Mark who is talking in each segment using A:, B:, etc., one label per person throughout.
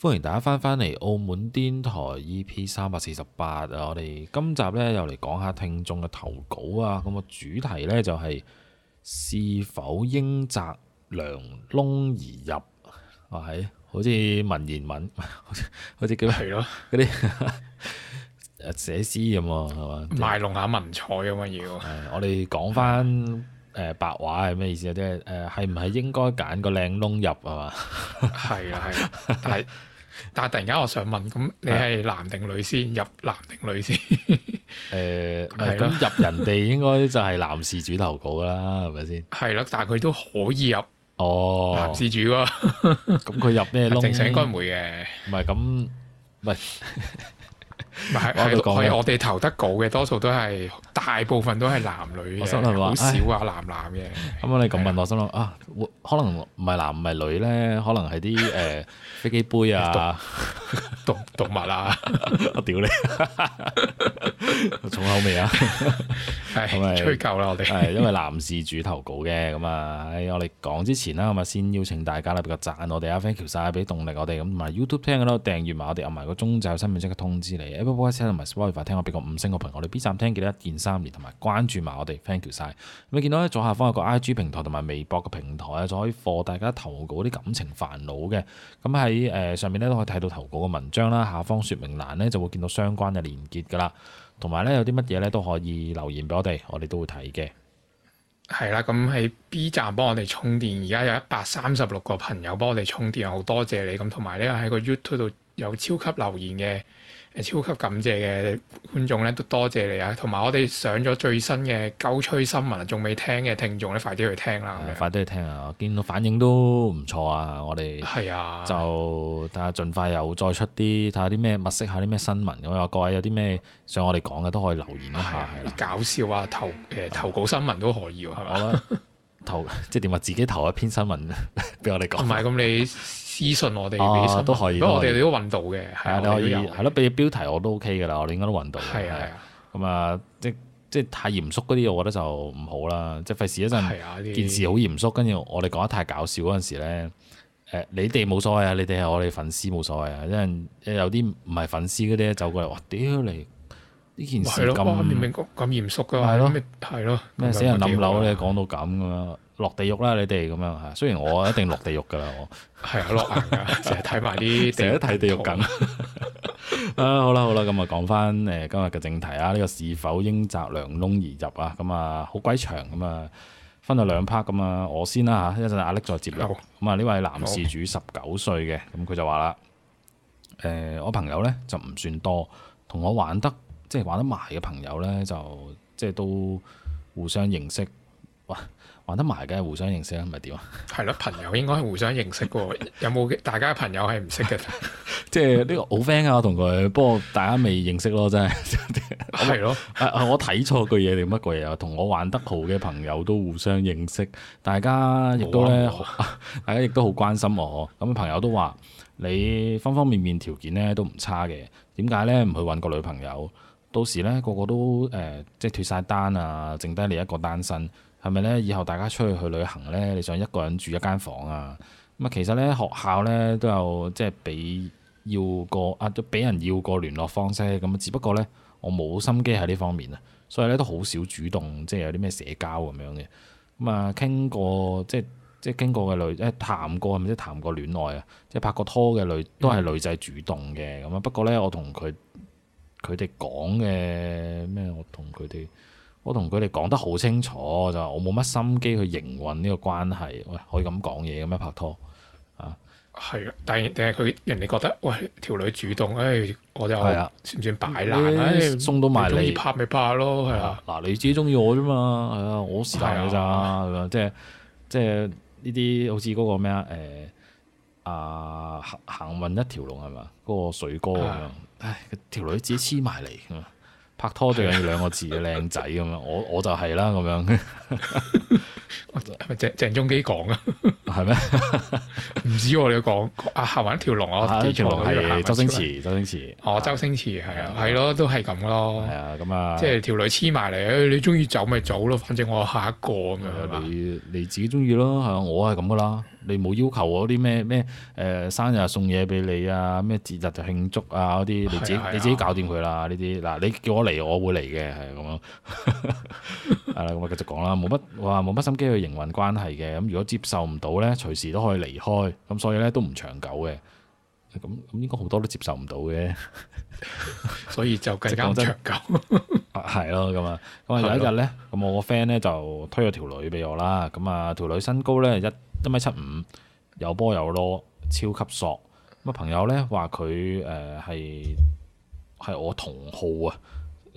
A: 歡迎大家翻返嚟澳門癲台 EP 三百四十八啊！我哋今集呢，又嚟講下聽眾嘅投稿啊！咁、個主題呢、就是，就係是否應擇良窿而入啊？係、哦、好似文言文，好似好似叫係咯嗰啲誒寫詩咁啊，係嘛？賣弄下文采咁樣要。我哋講翻白話係咩意思啊？即係誒係唔係應該揀個靚窿入啊？係啊
B: 係。的 但係突然間我想問，咁你係男定女先？入男定女
A: 先？誒，咁入人哋應該就係男事主投稿啦，係咪先？係啦，但係佢都可以入哦，男事主喎。咁佢 入咩窿？ 正常應該唔會嘅。唔係咁，唔係。 唔係係我哋投得
B: 稿嘅多數都係大部分都係男女好少啊男男
A: 嘅。咁啊，你咁問我心諗啊，可能唔係男唔係女咧，可能係啲誒飛機杯啊，動動物啊，我屌你，重口味啊，係吹夠啦我哋，係因為男士主投稿嘅，咁啊喺我哋講之前啦，咁啊先邀請大家咧比較贊我哋阿 Thank you 晒俾動力我哋，咁同埋 YouTube 聽嘅都訂閱埋我哋，入埋個鐘就有新片即刻通知你。w h a t 同埋 Spotify 聽我我，我俾個五星個評。我哋 B 站聽記得一鍵三連，同埋關注埋我哋，thank you 晒！你見到咧左下方有個 IG 平台同埋微博嘅平台就可以俾大家投稿啲感情煩惱嘅。咁喺誒上面咧都可以睇到投稿嘅文章啦。下方説明欄咧就會見到相關嘅連結噶啦。同埋咧有啲乜嘢咧都可以留言俾我哋，我哋都會睇嘅。
B: 係啦，咁喺 B 站幫我哋充電，而家有一百三十六個朋友幫我哋充電，好多謝你咁。同埋咧喺個 YouTube 度有超級留言嘅。超級感謝嘅觀眾咧，都多謝，謝你啊！同埋我哋上咗最新嘅鳩吹新聞，仲未聽嘅聽眾咧，快啲去聽啦！
A: 的的快啲去聽啊！見到反應都唔錯啊！我哋係啊，就睇下盡快又再出啲睇下啲咩物色下啲咩新聞。咁話各位有啲咩想我哋講嘅都可以留言一下，的了搞笑啊投，誒投稿新聞都可以係咪？投即係點話自己投一篇新聞俾 我哋講？唔係
B: 咁你。資訊我哋其實，都可以。咁我哋都揾到嘅，係你可以，
A: 係咯，俾個標題我都 OK 㗎啦，我哋應該都揾到。係啊，係啊。咁啊，即即係太嚴肅嗰啲，我覺得就唔好啦。即費事一陣件事好嚴肅，跟住我哋講得太搞笑嗰陣時咧，誒，你哋冇所謂啊，你哋係我哋粉絲冇所謂啊。因為有啲唔係粉絲嗰啲走過嚟，哇屌嚟！呢件事咁，咁
B: 嚴肅㗎，咩係咯？咩死人冧樓
A: 咧？你講到咁㗎。落地獄啦，你哋咁樣嚇。雖然我一定落地獄噶啦，我係 啊落 地獄啊，成日睇埋啲，成日睇地獄梗啊。好啦好啦，咁、嗯、啊講翻誒今日嘅正題啊。呢、這個是否應擇良窿而入啊？咁啊好鬼長咁啊、嗯，分咗兩 part 咁啊。我先啦嚇，一陣阿力再接入。咁啊呢位男事主十九好歲嘅，咁、嗯、佢就話啦：誒、呃、我朋友呢，就唔算多，同我玩得即係、就是、玩得埋嘅朋友呢，就即係都互相認識。喂！玩得埋梗係互相認識咁咪點啊？
B: 係咯，朋友應該係互相認識喎。 有冇大家朋友係唔識嘅？
A: 即係呢個好 friend 啊，我同佢不過大家未認識咯，真係。係 咯， 我睇錯句嘢定乜鬼嘢啊？同我玩得好嘅朋友都互相認識，大家亦都咧， 大家亦都好關心我。咁朋友都話你方方面面條件咧都唔差嘅，點解咧唔去揾個女朋友？到時咧個，個個都誒、呃、即係脱曬單啊，剩低你一個單身。係咪呢？是是以後大家出去去旅行呢，你想一個人住一間房啊？咁啊，其實呢，學校呢都有即係俾要個啊，都俾人要個聯絡方式。咁只不過呢，我冇心機喺呢方面啊，所以咧都好少主動即係有啲咩社交咁樣嘅。咁、嗯、啊，傾過即係即係傾過嘅女，誒談過係咪即係談過戀愛啊？即係拍過拖嘅女都係女仔主動嘅。咁啊，不過呢，我同佢佢哋講嘅咩，我同佢哋。我同佢哋講得好清楚，就話我冇乜心機去營運呢個關係。喂，可以咁講嘢咁樣拍拖啊？係啊，但係但係佢
B: 人哋覺得，喂條女主動，唉、哎，我就係啊，算唔算擺爛啊、哎？送到埋嚟，拍
A: 咪拍咯，係啊。嗱、啊，你自己中意我啫嘛，係啊，我時間㗎咋，即係即係呢啲好似嗰個咩、呃、啊？誒啊行行運一條龍係嘛？嗰、那個水哥咁、啊、樣，唉，條女自己黐埋嚟。拍拖最緊要兩個字靚仔咁樣，我我就係啦咁樣。
B: 鄭鄭中基講啊，係咩？唔知我你要講啊，下埋一條龍咯，一條龍係周星馳，周星馳哦，周星馳係啊，係咯，都係咁咯。係啊，咁
A: 啊，即係條女黐埋嚟，你中意走咪走咯，反正我下一個咁啊你你自己中意咯，係啊，我係咁噶啦。你冇要求嗰啲咩咩，誒生日送嘢俾你啊，咩節日就慶祝啊，嗰啲你自己你自己搞掂佢啦，呢啲嗱，你叫我嚟我會嚟嘅，係咁樣係啦。咁啊繼續講啦，冇乜話冇乜心機去營運關係嘅。咁如果接受唔到咧，隨時都可以離開，咁所以咧，都唔長久嘅。咁咁應該好多都接受唔到嘅，所以就繼續長久啊，係咯。咁啊咁啊有一日咧，咁我個 friend 咧就推咗條女俾我啦，咁啊條女身高咧一。一米七五，有波有籮，超級索。咁啊朋友呢話佢誒係係我同好啊，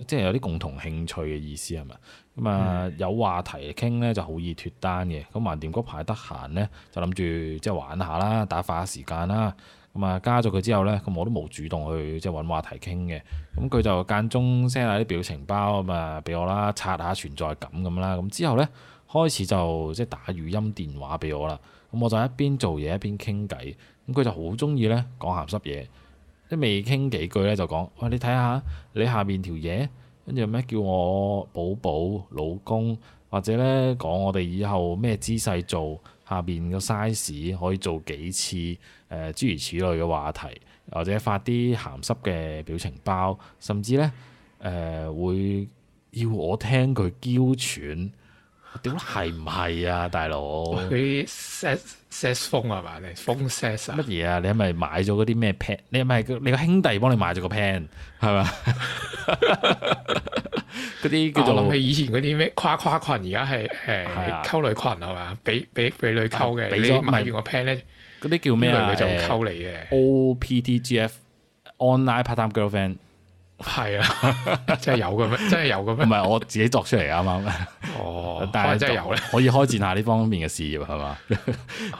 A: 即係有啲共同興趣嘅意思係咪？咁啊、嗯、有話題傾呢就好易脫單嘅。咁橫掂嗰排得閒呢，就諗住即係玩下啦，打發下時間啦。咁啊加咗佢之，之後呢，咁我都冇主動去即係揾話題傾嘅。咁佢就間中 send 下啲表情包咁啊嘛，俾我啦，刷下存在感咁啦。咁之後呢。開始就即係打語音電話俾我啦，咁我就一邊做嘢一邊傾偈，咁佢就好中意咧講鹹濕嘢，即未傾幾句咧就講，喂，你睇下你下面條嘢，跟住咩叫我寶寶老公，或者咧講我哋以後咩姿勢做下邊個 size 可以做幾次，誒、呃、諸如此類嘅話題，或者發啲鹹濕嘅表情包，甚至咧誒、呃、會要我聽佢嬌喘。點係唔係啊，大佬？嗰啲 set set 封係嘛？你封 set 啊？乜嘢啊？你係咪買咗嗰啲咩 pen？你係咪你個兄弟幫你買咗個 pen？係嘛？嗰 啲叫做諗起以前嗰啲咩誇誇群，而家係誒溝女群係嘛？俾俾俾女溝嘅，俾咗買完個 pen 咧？嗰啲叫咩啊？就溝你嘅、欸、O P T G F Online Part Time Girlfriend。係啊，真係有嘅咩？真係有嘅咩？唔係我自己作出嚟啱啱哦，但係是真係有咧，可以開展下呢方面嘅事業係嘛？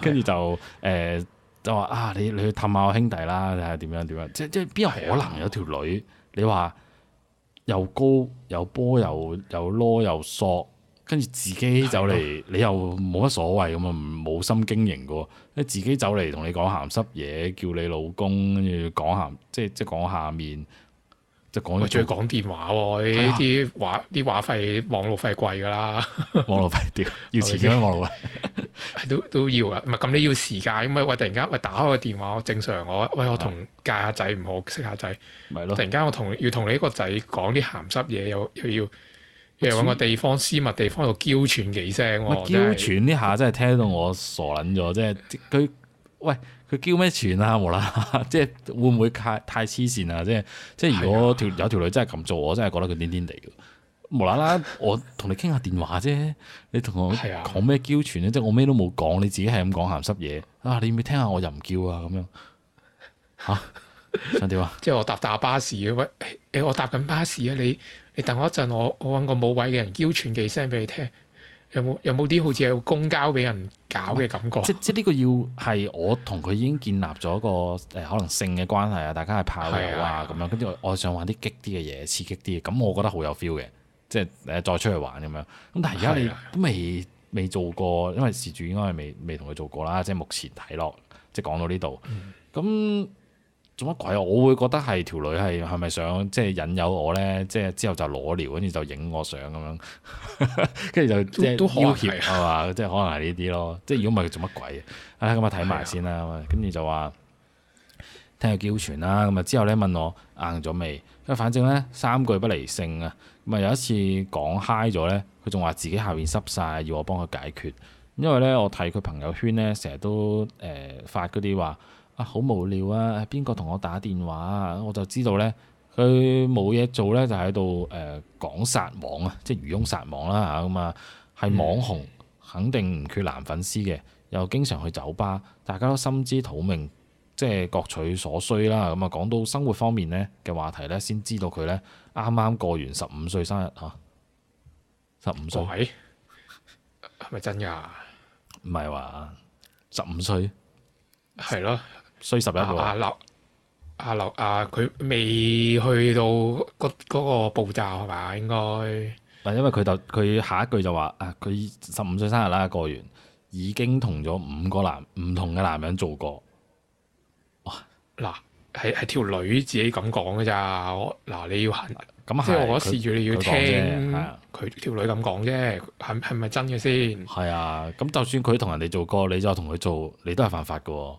A: 跟住 就誒是、啊欸，就話啊，你你去探下我兄弟啦，你點樣點樣？即即邊有可能有、啊、條是、啊、女？你話又高又波又又囉又索，跟住自己走嚟，是啊、你又冇乜所謂咁啊？冇心經營嘅，你自己走嚟同你講鹹濕嘢，叫你老公跟住講鹹，即即講下面。意講，講電話喎、哦，呢啲
B: 話啲、啊、話費、網絡費貴噶啦，
A: 網絡費屌，要自己咩網絡費
B: 係 都都要噶，唔係咁你要時間，咁啊喂！突然間喂打開個電話，正常我喂我同教下仔唔好識下仔，咪咯。的突然間我同要同你個仔講啲鹹濕嘢，又又要，又揾個地方私密地方度嬌喘幾聲
A: 喎、啊，是嬌喘呢下真係聽到我傻撚咗，即係佢喂。佢叫咩喘啊？無啦，即係會唔會太太黐線啊？即係即係如果條有條女真係咁做，我真係覺得佢癲癲地。無啦啦，我同你傾下電話啫。你同我講咩嬌喘咧、啊？啊、即係我咩都冇講，你自己係咁講鹹濕嘢啊！你要唔要聽下？我又唔叫啊咁樣吓、啊？想點啊？ 即
B: 係我搭搭巴士，喂誒、欸，我搭緊巴士啊！你你等我一陣，我我揾個冇位嘅人嬌喘幾聲俾你聽。有冇有冇啲好似有公交
A: 俾人搞嘅感覺？即即呢個要係我同佢已經建立咗一個可能性嘅關係啊，大家係炮友啊咁、啊啊、樣，跟住我想玩啲激啲嘅嘢，刺激啲嘅，咁我覺得好有 feel 嘅，即誒再出去玩咁樣。咁但係而家你都未、啊、未做過，因為事主應該係未未同佢做過啦，即目前睇落，即講到呢度咁。嗯做乜鬼啊？我會覺得係條女係係咪想即係引誘我呢？即係之後就裸聊，跟住就影我相咁樣，跟 住就都係要脅係嘛？即係可能係呢啲咯。即係如果唔係佢做乜鬼 啊？咁啊睇埋先啦。咁啊， 跟住就話聽佢嬌喘啦。咁啊之後呢，問我硬咗未？因為反正呢，三句不離性啊。咁啊有一次講嗨咗呢，佢仲話自己下面濕晒，要我幫佢解決。因為呢，我睇佢朋友圈呢，成日都誒發嗰啲話。啊，好無聊啊！邊個同我打電話啊？我就知道呢，佢冇嘢做呢，就喺度誒講殺網啊，即係漁翁殺網啦咁啊！係網紅、嗯、肯定唔缺男粉絲嘅，又經常去酒吧，大家都心知肚明，即係各取所需啦。咁啊，講到生活方面呢嘅話題呢，先知道佢呢啱啱過完十五歲生日嚇，啊，十五歲係
B: 咪真噶？唔係話
A: 十五歲係咯。衰十一個阿嗱，阿劉啊，佢、啊啊啊啊、未去到嗰、嗰個嗰個步驟係嘛？應該啊，因為佢就佢下一句就話啊，佢十五歲生日啦過完，已經同咗五個男唔同嘅男人做過。
B: 哇！嗱、啊，係係條女自己咁講嘅咋？我嗱、啊、你要行，即係、啊、我試住它你要聽
A: 佢、啊、條女咁講啫，係係咪真嘅先？係啊，咁就算佢同人哋做過，你就同佢做，你都係犯法嘅。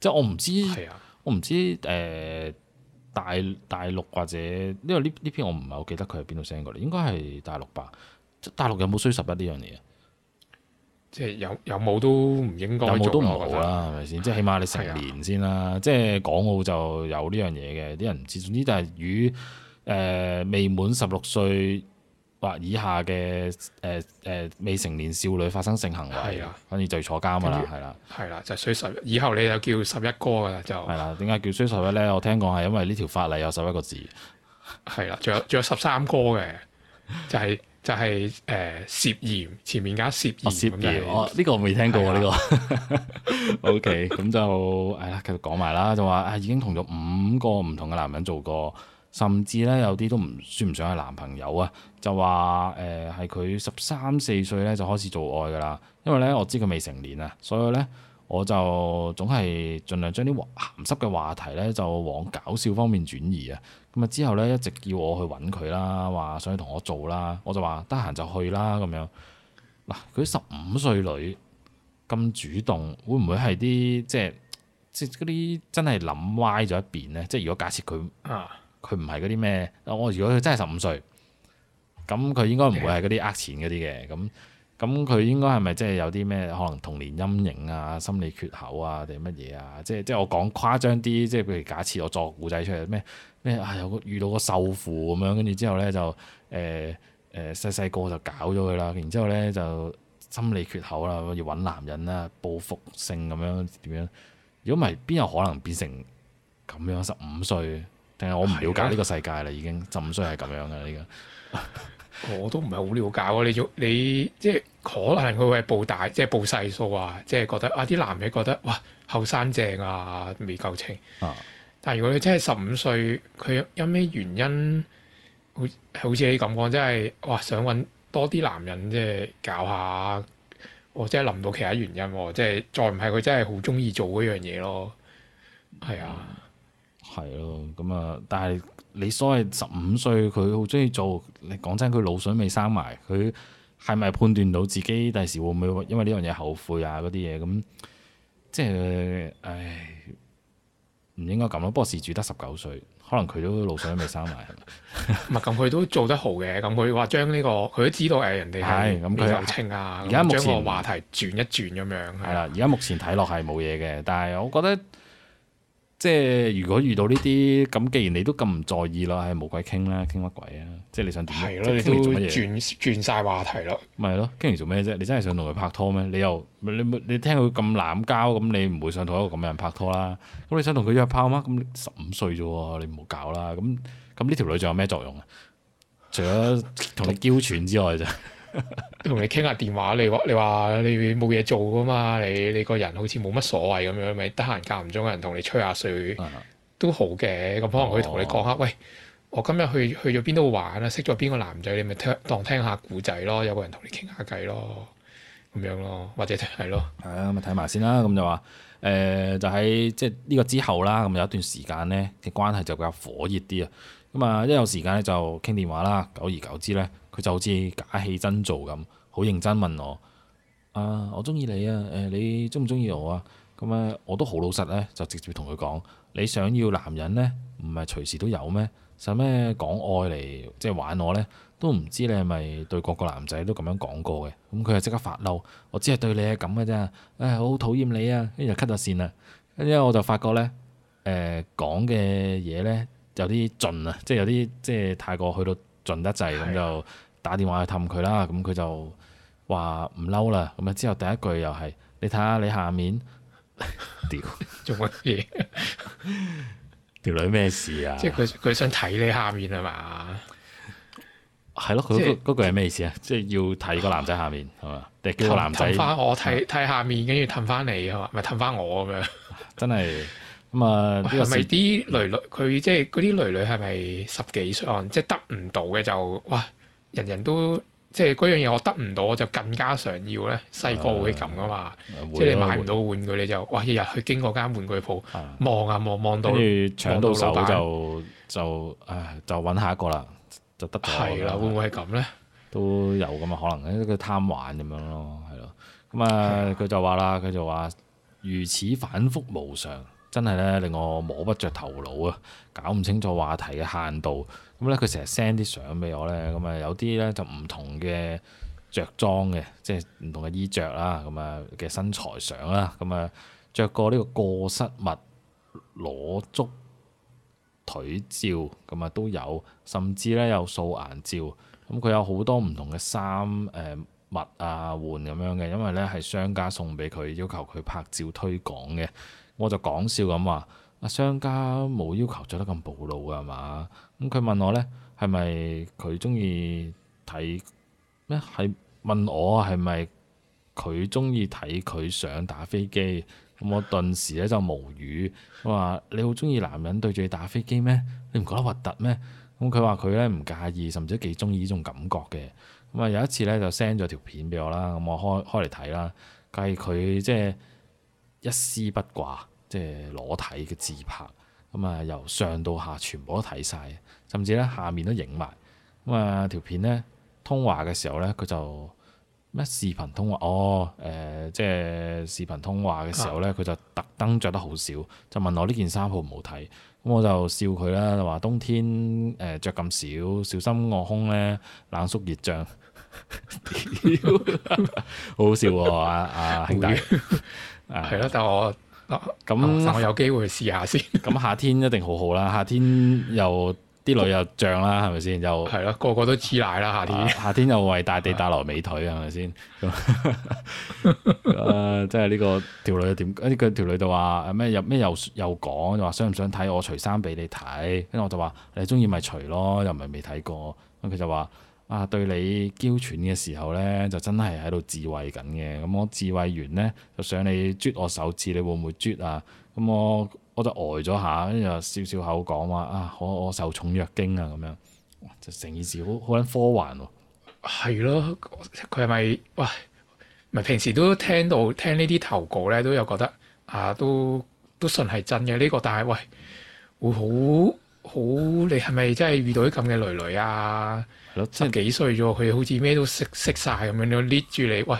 A: 即係我唔知，啊、我唔知誒、呃、大大陸或者，因為呢呢篇我唔係好記得佢係邊度 send 過嚟，應該係大陸吧。即大陸有冇衰十一呢樣嘢？即係有有冇都唔應該，有冇都唔好啦，係咪先？即係吧起碼你成年先啦。啊、即係港澳就有呢樣嘢嘅，啲人唔知。總之就係與誒未滿十六歲或以下嘅誒誒未成年少女發生性行為，係啊，可以就坐監噶啦，係啦，係啦，就衰十一。以後你就叫十一哥噶啦，就係啦。點解、啊、叫衰十一咧？我聽講係因為呢條法例有十一個字，係啦、啊，仲有仲有十三哥嘅、 就係，就係就係誒涉嫌，前面加涉嫌，哦、涉嫌。哦，呢、呢個我未聽過喎，呢、啊呢個。O K，咁就係啦，繼續講埋啦，就話啊已經同咗五個唔同嘅男人做過。甚至咧，有啲都唔算唔上係男朋友啊，就話誒係佢十三四歲咧就開始做愛噶啦，因為咧我知佢未成年啊，所以咧我就總係盡量將啲鹹濕嘅話題咧就往搞笑方面轉移啊。咁啊之後咧一直叫我去揾佢啦，話想同我做啦，我就話得閒就去啦咁樣嗱。佢十五歲女咁主動，會唔會係啲即係即係嗰啲真係諗歪咗一邊呢？即係如果假設佢啊。佢唔係嗰啲咩？我如果佢真係十五歲，咁佢應該唔會係嗰啲呃錢嗰啲嘅。咁咁佢應該係咪即係有啲咩可能童年陰影啊、心理缺口啊定乜嘢啊？即係即係我講誇張啲，即係譬如假設我作個古仔出嚟咩咩啊？有個遇到個獸父咁樣，跟住之後咧就誒誒、呃呃、細細個就搞咗佢啦。然之後咧就心理缺口啦，要揾男人啦，報復性咁樣點樣？如果唔係，邊有可能變成咁樣十五歲？定係我唔了解呢個世界啦，啊、已經十五歲係咁樣嘅呢個？
B: 我都唔係好了解喎。你要你即係可能佢會係報大，即係報細數啊，即係覺得啊啲男嘅覺得哇後生正啊，未夠秤啊。但如果你真係十五歲，佢有咩原因？好好似你咁講，即係哇想揾多啲男人即係搞下，我真係諗唔到其他
A: 原因喎、啊。即係再唔係佢真係好中意做嗰樣嘢咯，係啊。嗯。係咯，咁啊！但係你所謂十五歲，佢好中意做。你講真，佢腦囟未生埋，佢係咪判斷到自己第時會唔會因為呢樣嘢後悔啊？嗰啲嘢咁，即係唉，唔應該咁咯。不過事主得十九歲，可能佢都腦囟未生埋。唔係咁，佢都做得好嘅。
B: 咁佢話將呢個，佢都知道誒，人哋係咁澄清啊。而家目前將個話題轉一轉
A: 咁樣。係啦，而家目前睇落係冇嘢嘅， 但係我覺得。即係如果遇到呢啲咁，既然你都咁唔在意啦，係冇鬼傾啦，傾乜鬼啊？即係你想點？係咯、嗯，你都要轉轉曬話題咯。咪係咯，傾完做咩啫？你真係想同佢拍拖咩？你又你你，你聽佢咁濫交，咁你唔會想同一個咁樣人拍拖啦。咁你想同佢約炮嗎？咁十五歲啫，你唔好搞啦。咁咁呢條女仲有咩作用啊？除咗同你嬌喘之外啫。 同 你傾下電話，你話你話你冇嘢做
B: 噶嘛？你你個人好似冇乜所謂咁樣，咪得閒間唔中嘅人同你吹下水都好嘅。咁、啊、可能佢同你講下，哦、喂，我今日去去咗邊度玩啊，識咗邊個男仔，
A: 你咪聽當聽下古仔咯。有個人同你傾下偈咯，咁樣咯，或者係咯。係啊，咪睇埋先啦。咁就話誒、呃，就喺即係呢個之後啦。咁有一段時間咧嘅關係就比較火熱啲啊。咁啊，一有時間咧就傾電話啦。久而久之咧。佢就好似假戲真做咁，好認真問我：啊，我中意你啊！誒，你中唔中意我啊？咁啊，我都好老實咧，就直接同佢講：你想要男人咧，唔係隨時都有咩？使咩講愛嚟即係玩我咧？都唔知你係咪對個個男仔都咁樣講過嘅？咁佢就即刻發嬲，我只係對你係咁嘅啫，唉，我好討厭你啊！跟住就 cut 咗線啦。跟住我就發覺咧，誒講嘅嘢咧有啲盡啊，即係有啲即係太過去到盡得滯咁就。打電話去氹佢啦，咁佢就話唔嬲啦。咁啊，之後第一句又係你睇下你下面，屌做乜嘢條女咩事啊？即係佢佢想睇你下面係嘛？係咯，佢嗰句係咩意思啊？即係要睇個男仔下面係嘛？第叫個男仔氹翻我睇
B: 睇下面，跟住氹翻你係咪？氹翻我咁樣真係
A: 咁啊？呢係咪啲
B: 女女佢即係嗰啲女女係咪十幾歲即係得唔到嘅就哇？人人都即係嗰樣嘢，我得唔到我就更加想要咧。細個會咁噶嘛，啊、即係你買唔到玩具玩你就哇，日日去經過間玩具鋪望啊望望、啊、到，跟住搶到手就闆就，
A: 就唉就揾下一個啦，就得咗啦。係啦的，啊、會唔會係咁咧？都有咁嘅可能，因為佢貪玩咁樣咯，係咯。咁、嗯、啊，佢就話啦，佢就話如此反覆無常，真係咧令我摸不着頭腦啊！搞唔清楚話題嘅限度，咁咧佢成日 send 啲相俾我咧，咁啊有啲咧就唔同嘅着裝嘅，即係唔同嘅衣着啦，咁啊嘅身材相啦，咁啊着過呢個過膝襪裸足腿照，咁啊都有，甚至咧有素顏照，咁佢有好多唔同嘅衫誒襪啊換咁樣嘅，因為咧係商家送俾佢要求佢拍照推廣嘅，我就講笑咁話。商家冇要求做得咁暴露嘅係嘛？咁佢問我咧，係咪佢中意睇咩？係問我係咪佢中意睇佢想打飛機？咁我頓時咧就無語，我話你好中意男人對住你打飛機咩？你唔覺得核突咩？咁佢話佢咧唔介意，甚至都幾中意呢種感覺嘅。咁啊有一次咧就 send 咗條片俾我啦，咁我開開嚟睇啦，介意佢即係一絲不掛。即係裸體嘅自拍，咁、嗯、啊由上到下全部都睇晒，甚至咧下面都影埋。咁、嗯、啊條片咧通話嘅時候咧，佢就咩視頻通話哦，誒、呃、即係視頻通話嘅時候咧，佢、啊、就特登着得好少，就問我呢件衫好唔好睇。咁、嗯、我就笑佢啦，就話冬天誒著咁少，小心我空咧冷縮熱脹。好 好笑喎、啊，阿兄弟。係、啊、咯會、 啊， 但我。咁我有機會試下先。咁夏天一定好好啦，嗯、夏天又啲女 又漲啦，係咪先？又係咯，個個都黐奶啦夏天。夏天又為大地帶來美腿，係咪先？啊，即係呢個條女點？呢個條女就話咩？又咩又又講就話想唔想睇我除衫俾你睇？跟住我就話：你中意咪除咯，又唔係未睇過？咁佢就話。啊！對你嬌喘嘅時候咧，就真係喺度自慰緊嘅。咁、嗯、我自慰完咧，就想你啜我手指，你會唔會啜啊？咁、嗯、我我就呆咗下，跟住笑笑口講話啊，我我受寵若驚啊，咁樣就成件事好好撚科幻喎。係咯，佢係咪喂？咪平時都聽到
B: 聽呢啲投稿咧，都有覺得啊，都都信係真嘅呢、這個，但係喂會好好，你係咪真係遇到啲咁嘅女女啊？真幾歲咗？佢好似咩都識識曬咁樣，捏住你喂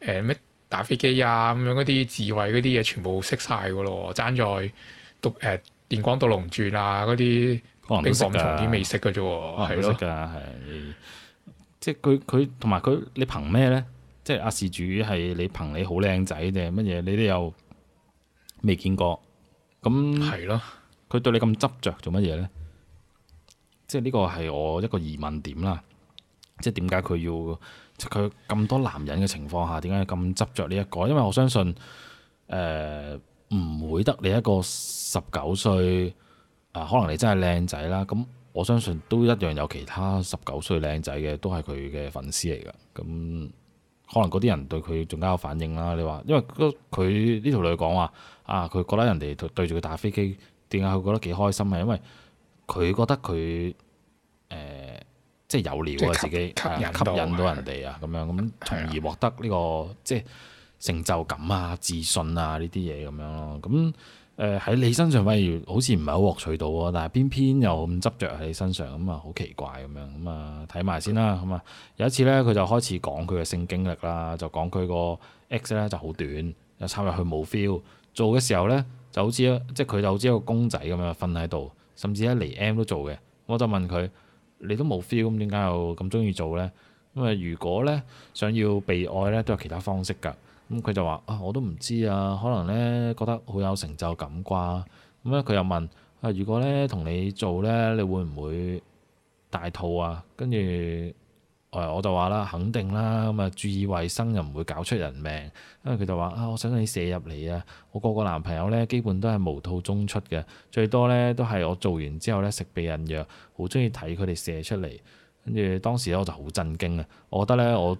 B: 誒咩、呃、打飛機啊咁樣嗰啲智慧嗰啲嘢，全部識曬噶咯。爭在讀誒、呃、電光《盜龍
A: 傳》啊嗰啲，可能都識㗎。啲未識嘅啫，係咯。佢識係，即係佢佢同埋佢，你憑咩咧？即係阿事主係你憑你好靚仔定係乜嘢？你都有，未見過咁。係咯。佢對你咁執着做乜嘢咧？即係呢個係我一個疑問點啦，即係點解佢要即佢咁多男人嘅情況下，點解咁執着呢一個？因為我相信誒唔、呃、會得你一個十九歲啊，可能你真係靚仔啦。咁我相信都一樣有其他十九歲靚仔嘅，都係佢嘅粉絲嚟㗎。咁可能嗰啲人對佢仲加有反應啦。你話因為佢呢條女講話啊，佢覺得人哋對住佢打飛機，點解佢覺得幾開心啊？因為佢覺得佢誒即係有料啊！自己吸引到人哋啊，咁樣咁，從而獲得呢個即係成就感啊、自信啊呢啲嘢咁樣咯。咁誒喺你身上，反而好似唔係好獲取到啊。但係偏偏又咁執着喺你身上，咁啊好奇怪咁樣咁啊睇埋先啦。咁啊有一次咧，佢就開始講佢嘅性經歷啦，就講佢個 x 咧就好短，又插入去冇 feel，做嘅時候咧就好似即係佢就好似一個公仔咁樣瞓喺度。甚至一嚟 M 都做嘅，我就問佢：你都冇 feel，咁點解又咁中意做呢？因為如果呢，想要被愛呢，都有其他方式㗎。咁佢就話：啊，我都唔知啊，可能呢覺得好有成就感啩。咁咧佢又問：啊，如果呢同你做呢，你會唔會大肚啊？跟住誒我就話啦，肯定啦，咁啊注意衞生又唔會搞出人命，因為佢就話啊，我想你射入嚟啊，我個個男朋友呢，基本都係無套中出嘅，最多呢，都係我做完之後呢，食避孕藥，好鍾意睇佢哋射出嚟，跟住當時咧我就好震驚啊，我覺得呢，我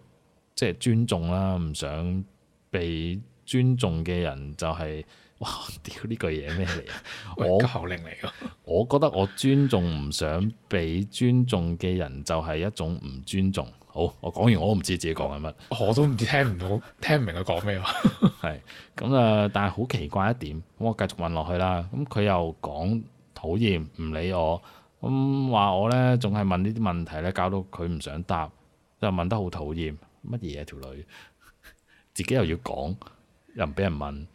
A: 即係尊重啦，唔想被尊重嘅人就係、是。哇！屌呢句嘢咩嚟啊？ 喂我口令嚟噶。 我覺得我尊重唔想俾尊重嘅人，就係一種唔尊重。好，我講完我都唔知自己講緊乜，我都唔知聽唔到， 聽唔明佢講咩。係咁啊！但係好奇怪一點，咁我繼續問落去啦。咁佢又講討厭，唔理我咁話我呢，仲係問呢啲問題呢，搞到佢唔想答，就問得好討厭，乜嘢條女自己又要講，又唔俾人問。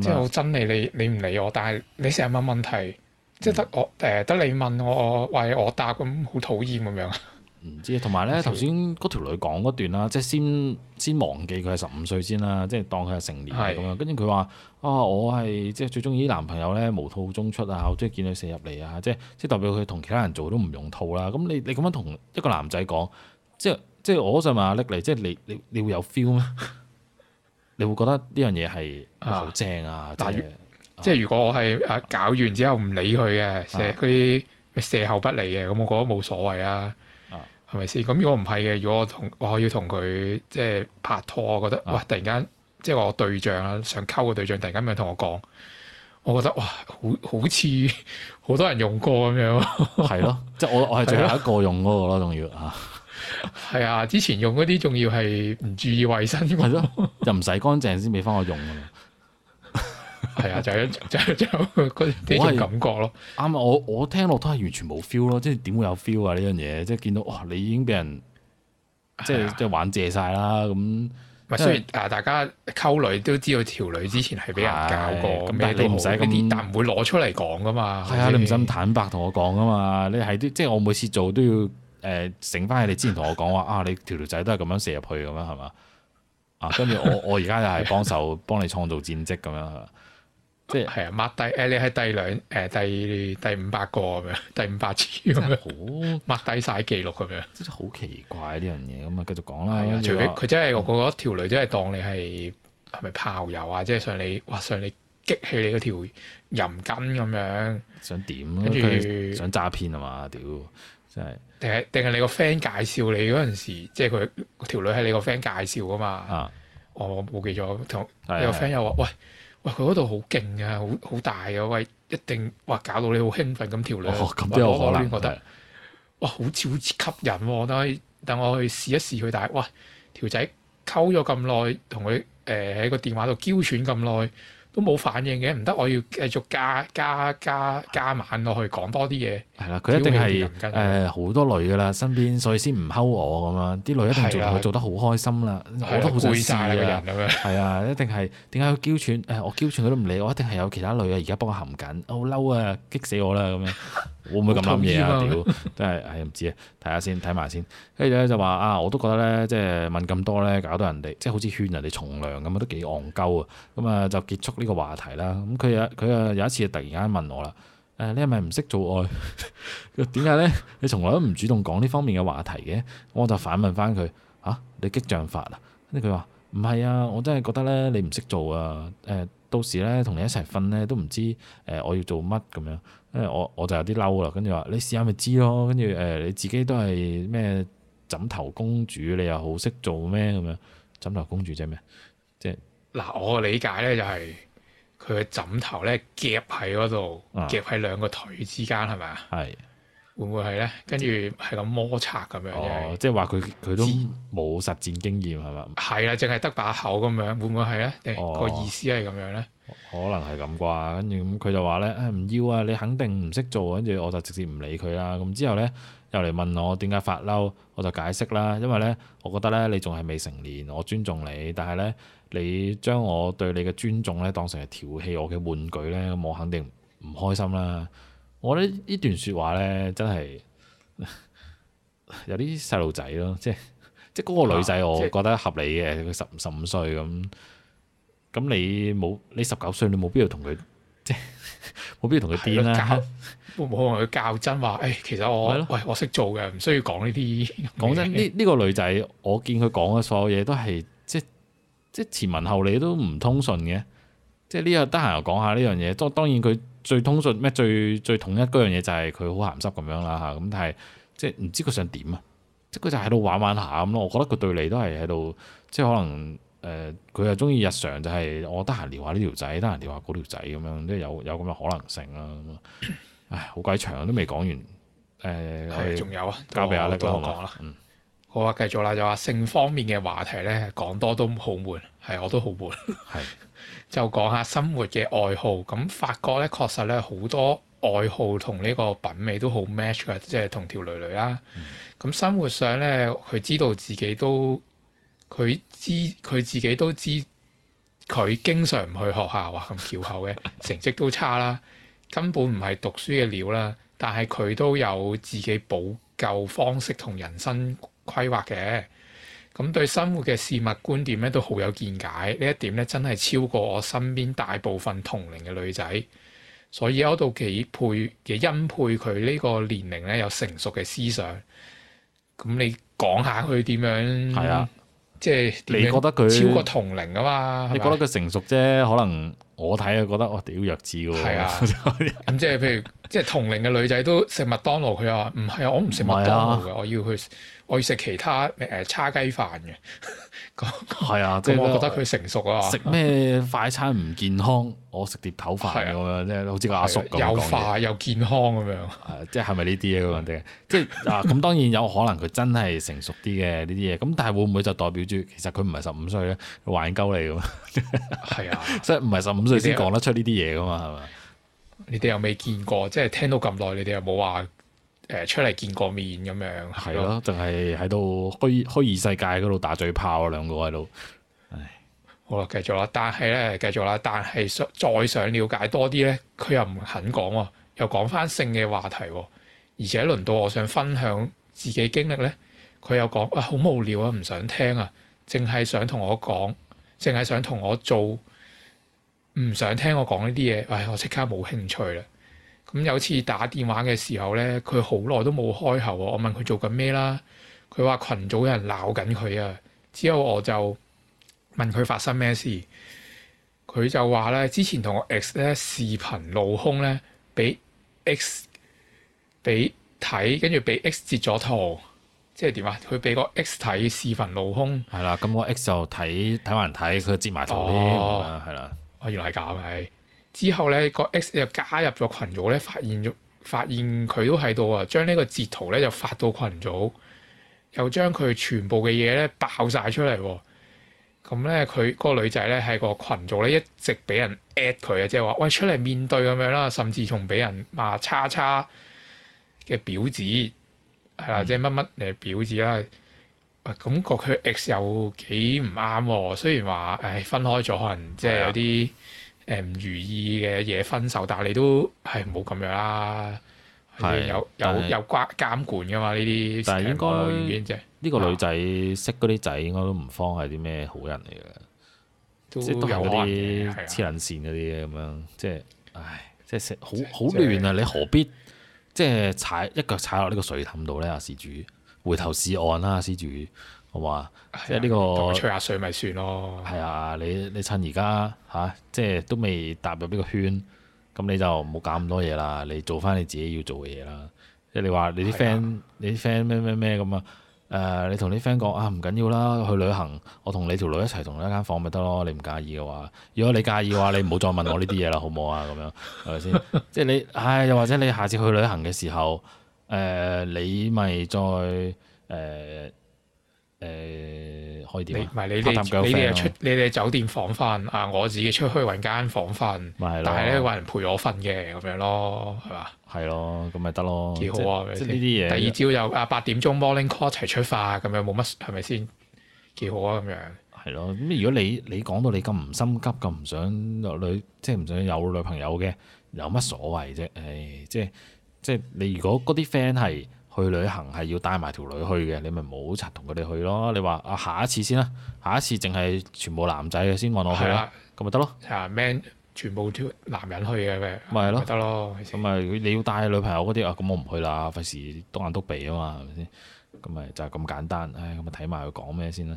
A: 即係我真理你，你你唔理我，但係你成日問問題，
B: 即係得我誒、呃，得你問我，話我，我答咁，好討厭咁樣啊！唔知啊，同埋咧，頭先
A: 嗰條女講嗰段啦，即係先先忘記佢係十五歲先啦，即係當佢係成年咁樣。跟住佢話啊，我係即係最中意啲男朋友咧，無套中出啊，好中意見佢射入嚟啊，即係即係代表佢同其他人做都唔用套啦。咁你你咁樣同一個男仔講，即係即係我想拎嚟，即係你你你，你會有 feel 咩？你會覺得呢樣嘢係好正啊！即係即係如果我係啊搞完之後唔理
B: 佢嘅，射嗰啲射後不理嘅，咁我覺得冇所謂啊，係咪先？咁如果唔係嘅，如果我同我要同佢即係拍拖，我覺得、啊、哇！突然間即係話我對象啊，想溝個對象突然間咁樣同我講，我覺得哇！好好似好多人用過咁樣，係咯、啊啊， 即係我我係最後一
A: 個用嘅啦、嗰個，仲要啊！
B: 係啊，之前用嗰啲仲要係唔注意衛生咁咯，又唔洗乾淨先俾
A: 翻我用啊。係啊，
B: 就係就係就啲感
A: 覺咯。啱啊，我我聽落都係完全冇 feel 咯，即係點會有 feel 啊？呢樣嘢即係見到哇，你已經俾人即係即係玩借晒啦咁。唔係雖
B: 然啊，大家溝女都知道條女之前係俾人教過，咩是都冇呢啲，但唔會攞出嚟講噶嘛。
A: 係啊，像你唔使咁坦白同我講噶嘛。你係啲即係我每次做都要。誒，醒翻起你之前同我講話 啊，你條條仔都係咁樣射入去咁樣係嘛？啊，跟住我我而家又係幫手幫你創造戰績咁樣， 即係啊，抹低誒，你係第兩誒、呃，第
B: 第五百個咁樣，第五百次咁樣，抹低晒記錄咁樣，真係好奇
A: 怪呢樣嘢。咁啊，繼續講啦。嗯、除非佢
B: 真係我覺得條女真係當你係係咪炮友啊？即係想你，哇！想你激起你嗰條淫巾，咁樣，想
A: 點、啊？跟住想詐騙啊嘛！屌，真係。真
B: 定係定係你個 friend 介紹你嗰陣時，即係佢條女係你個 friend 介紹噶嘛？啊哦、我冇記錯，同你是的 個 friend 又話：是的 喂，喂佢嗰度好勁啊，好好大啊！喂，一定哇，搞到你好興奮咁條女，哦、可能我覺得是的 哇，好似好似吸引喎，啊，等我等我去試一試佢。但係，喂條仔溝咗咁耐，同佢誒喺個電話度嬌喘咁耐。都冇反應嘅，唔得，我要繼續加加加加猛落去講多啲嘢。係啦，佢一定係誒
A: 好多女㗎啦，身邊，所以先唔溝我咁樣。啲女一定做的做得好開心啦，的我都好攰曬嘅人咁樣。係啊，一定係點解佢嬌喘？誒、呃、我嬌喘佢都唔理，我一定係有其他女、哦、啊！而家幫我含緊，好嬲啊！激死我啦咁樣。 會唔會咁諗嘢啊？屌， 真係，唉，唔知啊，睇下先，睇埋先。跟住咧就話啊，我都覺得咧，即係問咁多咧，搞到人哋，即係好似勸人哋從良咁啊，都幾戇鳩啊。咁啊，就結束呢個話題啦。咁佢啊，佢啊有一次就突然間問我啦，誒、呃，你係咪唔識做愛？點解咧？你從來都唔主動講呢方面嘅話題嘅？我就反問翻佢，吓、啊，你激將法啊？跟住佢話唔係啊，我真係覺得咧，你唔識做啊。誒、呃，到時咧同你一齊瞓咧，都唔知誒，我要做乜咁樣。誒，我我就有啲嬲啦，跟住話你試下咪知咯，跟住誒，你自己都係咩枕頭公主，你又好識做咩咁樣，枕頭公主即係咩？即係嗱，
B: 我理解咧就係佢嘅枕頭咧夾喺嗰度，夾喺兩個腿之間係咪啊？係吧。會唔會係呢？跟住係咁摩擦咁樣。哦、
A: 即係話佢佢都冇實戰經驗係嘛？係、嗯、係啊，淨係得把口咁樣。會唔會係呢？定個、哦、意思係咁樣呢？可能係咁啩。跟住咁佢就話呢：哎「誒唔要啊！你肯定唔識做。跟住我就直接唔理佢啦。咁之後呢，又嚟問我點解發嬲，我就解釋啦。因為呢，我覺得呢，你仲係未成年，我尊重你。但係呢，你將我對你嘅尊重呢，當成係調戲我嘅玩具呢，咁我肯定唔開心啦。我覺得呢段説話呢，真係有啲細路仔咯，即係即係嗰個女仔，我覺得合理嘅，佢十五、十五歲咁，咁你冇你十九歲，你冇必要同佢，即係冇必要同佢癲啦，冇冇同佢較真話。誒，其實我的喂我識做嘅，唔需要講呢啲。講真，呢呢、 呢個女仔，我見佢講嘅所有嘢都係即係即係前文後理都唔通順嘅。即係呢個得閒又講下呢樣嘢。當當然佢。最通訊咩？最最統一嗰樣嘢就係佢好鹹濕咁樣啦嚇，咁但係即係唔知佢想點啊！即係佢就喺度玩玩下咁咯。我覺得佢對你都係喺度，即係可能誒，佢係中意日常就係、是、我得閒聊下呢條仔，得閒聊下嗰條仔咁樣，即係有有咁嘅可能性啊！唉，好鬼長都未講完誒，仲有啊，交俾阿叻講
B: 啦。嗯，好啊，繼續啦，就話性方面嘅話題咧，講多都好悶，係我都好悶，係是。 就講下生活嘅愛好，咁發覺咧確實咧好多愛好同呢個品味都好 match 嘅，即係同條女女啦。咁、嗯、生活上咧，佢知道自己都佢知佢自己都知，佢經常唔去學校啊，咁翹口嘅成績都差啦， 根本唔係讀書嘅料啦。但係佢都有自己補救方式同人生規劃嘅。咁對生活嘅事物觀點咧都好有見解，呢一點咧真係超過我身邊大部分同齡嘅女仔。所以我都幾欽佩佢呢個年齡咧有成熟嘅思想。咁你講下佢點樣？係啊，即係、啊、吧你覺得佢超過同齡啊嘛？你覺得佢
A: 成熟啫，可能我睇啊覺得我屌弱智㗎喎。係 啊，
B: 咁即係譬如即係同齡嘅女仔都食麥當勞，佢話唔係啊，我唔食麥當勞嘅，啊、我要去。我食其他誒、呃、叉雞飯
A: 嘅，係啊，即係我覺得佢成熟啊。食咩 快餐唔健康，我食碟頭飯咁、 啊、樣，即係好似個阿叔咁講嘢，又快又健康咁樣。即係咪呢啲嘢咁樣？即係啊，咁、就是 啊、當然有可能佢真係成熟啲嘅呢啲嘢。咁但係會唔會就代表住其實佢唔係十五歲咧？玩鳩嚟㗎嘛？係 啊，即係唔係十五歲先講得出呢啲嘢㗎嘛？係咪們？吧你哋又未見過，即、就、係、是、
B: 聽到咁耐，你哋又冇話。誒出嚟見過面咁樣，係咯吧，
A: 淨係喺度虛虛擬世界嗰度打嘴炮，兩個喺度。唉，
B: 好啦，繼續啦。但係咧，繼續啦。但係想再想了解多啲咧，佢又唔肯講喎，又講翻性嘅話題。而且輪到我想分享自己經歷咧，佢又講啊，好、哎、無聊啊，唔想聽啊，淨係想同我講，淨係想同我，我做，唔想聽我講呢啲嘢。唉、哎，我即刻冇興趣啦。咁有次打電話嘅時候咧，佢好耐都冇開口。我問佢做緊咩啦，佢話群組有人鬧緊佢啊。之後我就問佢發生咩事，佢就話咧，之前同我 X 咧視頻露空咧，俾 X 俾睇，跟住俾 X 截咗圖，即係點啊？佢俾個 X 睇視頻露空，係啦，咁我 X 就睇睇完睇佢截埋圖啦，係啦。哦，了原來係咁，係。之後咧，個 X 又加入咗群組咧，發現咗發現佢都喺度啊！將呢個截圖咧就發到群組，又將佢全部嘅嘢咧爆晒出嚟。咁咧，佢個女仔咧喺個群組咧一直俾人 at 佢啊，即係話喂出嚟面對咁樣啦，甚至仲俾人罵叉叉嘅婊子係啦，嗯、即係乜乜嚟婊子啦。咁個佢 X 又幾唔啱，雖然話誒分開咗，可能即係有啲。誒唔如意嘅嘢分手，但係你都係冇咁樣啦。是有是有有關監管
A: 噶嘛，呢啲，但係應該呢個女仔識嗰啲仔，應該都唔慌係啲咩好人嚟嘅，都即都有啲黐撚線嗰啲嘢咁樣。啊、即係，唉，即係食好好亂啊！你何必即係踩一腳踩落呢個水凼度咧？阿施主，回頭是岸啦，施主。嗯好嘛，啊、即係呢、呢個吹下水咪算咯。係啊，你你趁而家吓，即係都未踏入呢個圈，咁你就唔好搞咁多嘢啦。你做翻你自己要做嘅嘢啦。即係你話你啲 friend，你啲 friend 咩咩咩咁啊？誒、呃，你同啲 friend 講啊，唔緊要啦，去旅行，我同你條女一齊同一間房咪得咯。你唔介意嘅話，如果你介意嘅話，你唔好再問我呢啲嘢啦， 好唔好啊？咁樣係咪先？ 即係你，唉、哎，又或者你下次去旅行嘅時候，誒、呃，你咪再誒。呃誒開店，唔係、呃、你啲，你哋出，
B: 你哋酒店房瞓啊！我自己出去揾間房瞓，咪係咯。但係咧揾人陪我瞓嘅咁樣咯，係嘛？係
A: 咯，咁咪得咯，幾好啊！即呢啲嘢，第二
B: 朝又啊八點鐘 morning call 齊出發，咁樣
A: 冇乜係咪先？幾好啊！咁樣係咯。咁如果你你講到你咁唔心急，咁唔想有女，即係唔想有女朋友嘅，有乜所謂啫？誒、哎，即係即係你如果嗰啲 friend 係。去旅行係要帶埋條女去嘅，你咪冇柒同佢哋去咯。你話啊，下一次先啦、啊，下一次淨係全部男仔嘅先問落去啦、啊，咁咪得咯。man 全部男人去嘅咪咪係咯，得咯。咁咪你要帶女朋友嗰啲啊，咁我唔去啦，費事篤眼篤鼻啊嘛，係咪先？咁咪就係咁簡單。唉，咁咪睇埋佢講咩先啦、
B: 啊。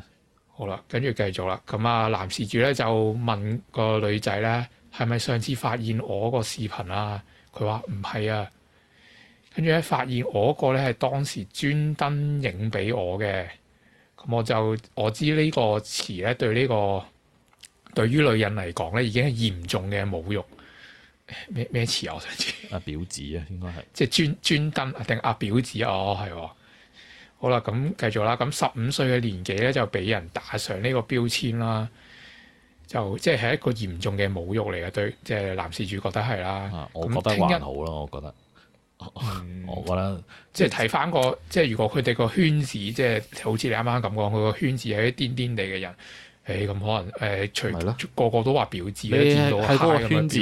B: 好啦，跟住繼續啦。咁啊，男事主咧就問個女仔咧係咪上次發現我個視頻啊？佢話唔係啊。跟住咧，發現我嗰個咧係當時專登影俾我嘅，咁我就我知呢個詞咧對呢、呢個對於女人嚟講咧已經係嚴重嘅侮辱。
A: 咩咩詞？我想知。阿婊子啊，應
B: 該係。即係專專登啊，定阿婊子啊？哦，係、啊。好啦，咁繼續啦。咁十五歲嘅年紀咧，就俾人打上呢個標籤啦，就即係一個嚴重嘅侮辱嚟嘅，對，即係男事主覺得係啦。啊，我覺得還好啦，我覺得。我覺得即係睇返個，即係如果佢哋個圈子，即係好似你啱啱咁講，佢個圈子係啲癲癲地嘅人，誒咁可能誒，除個個都話
A: 婊子，你喺嗰個圈子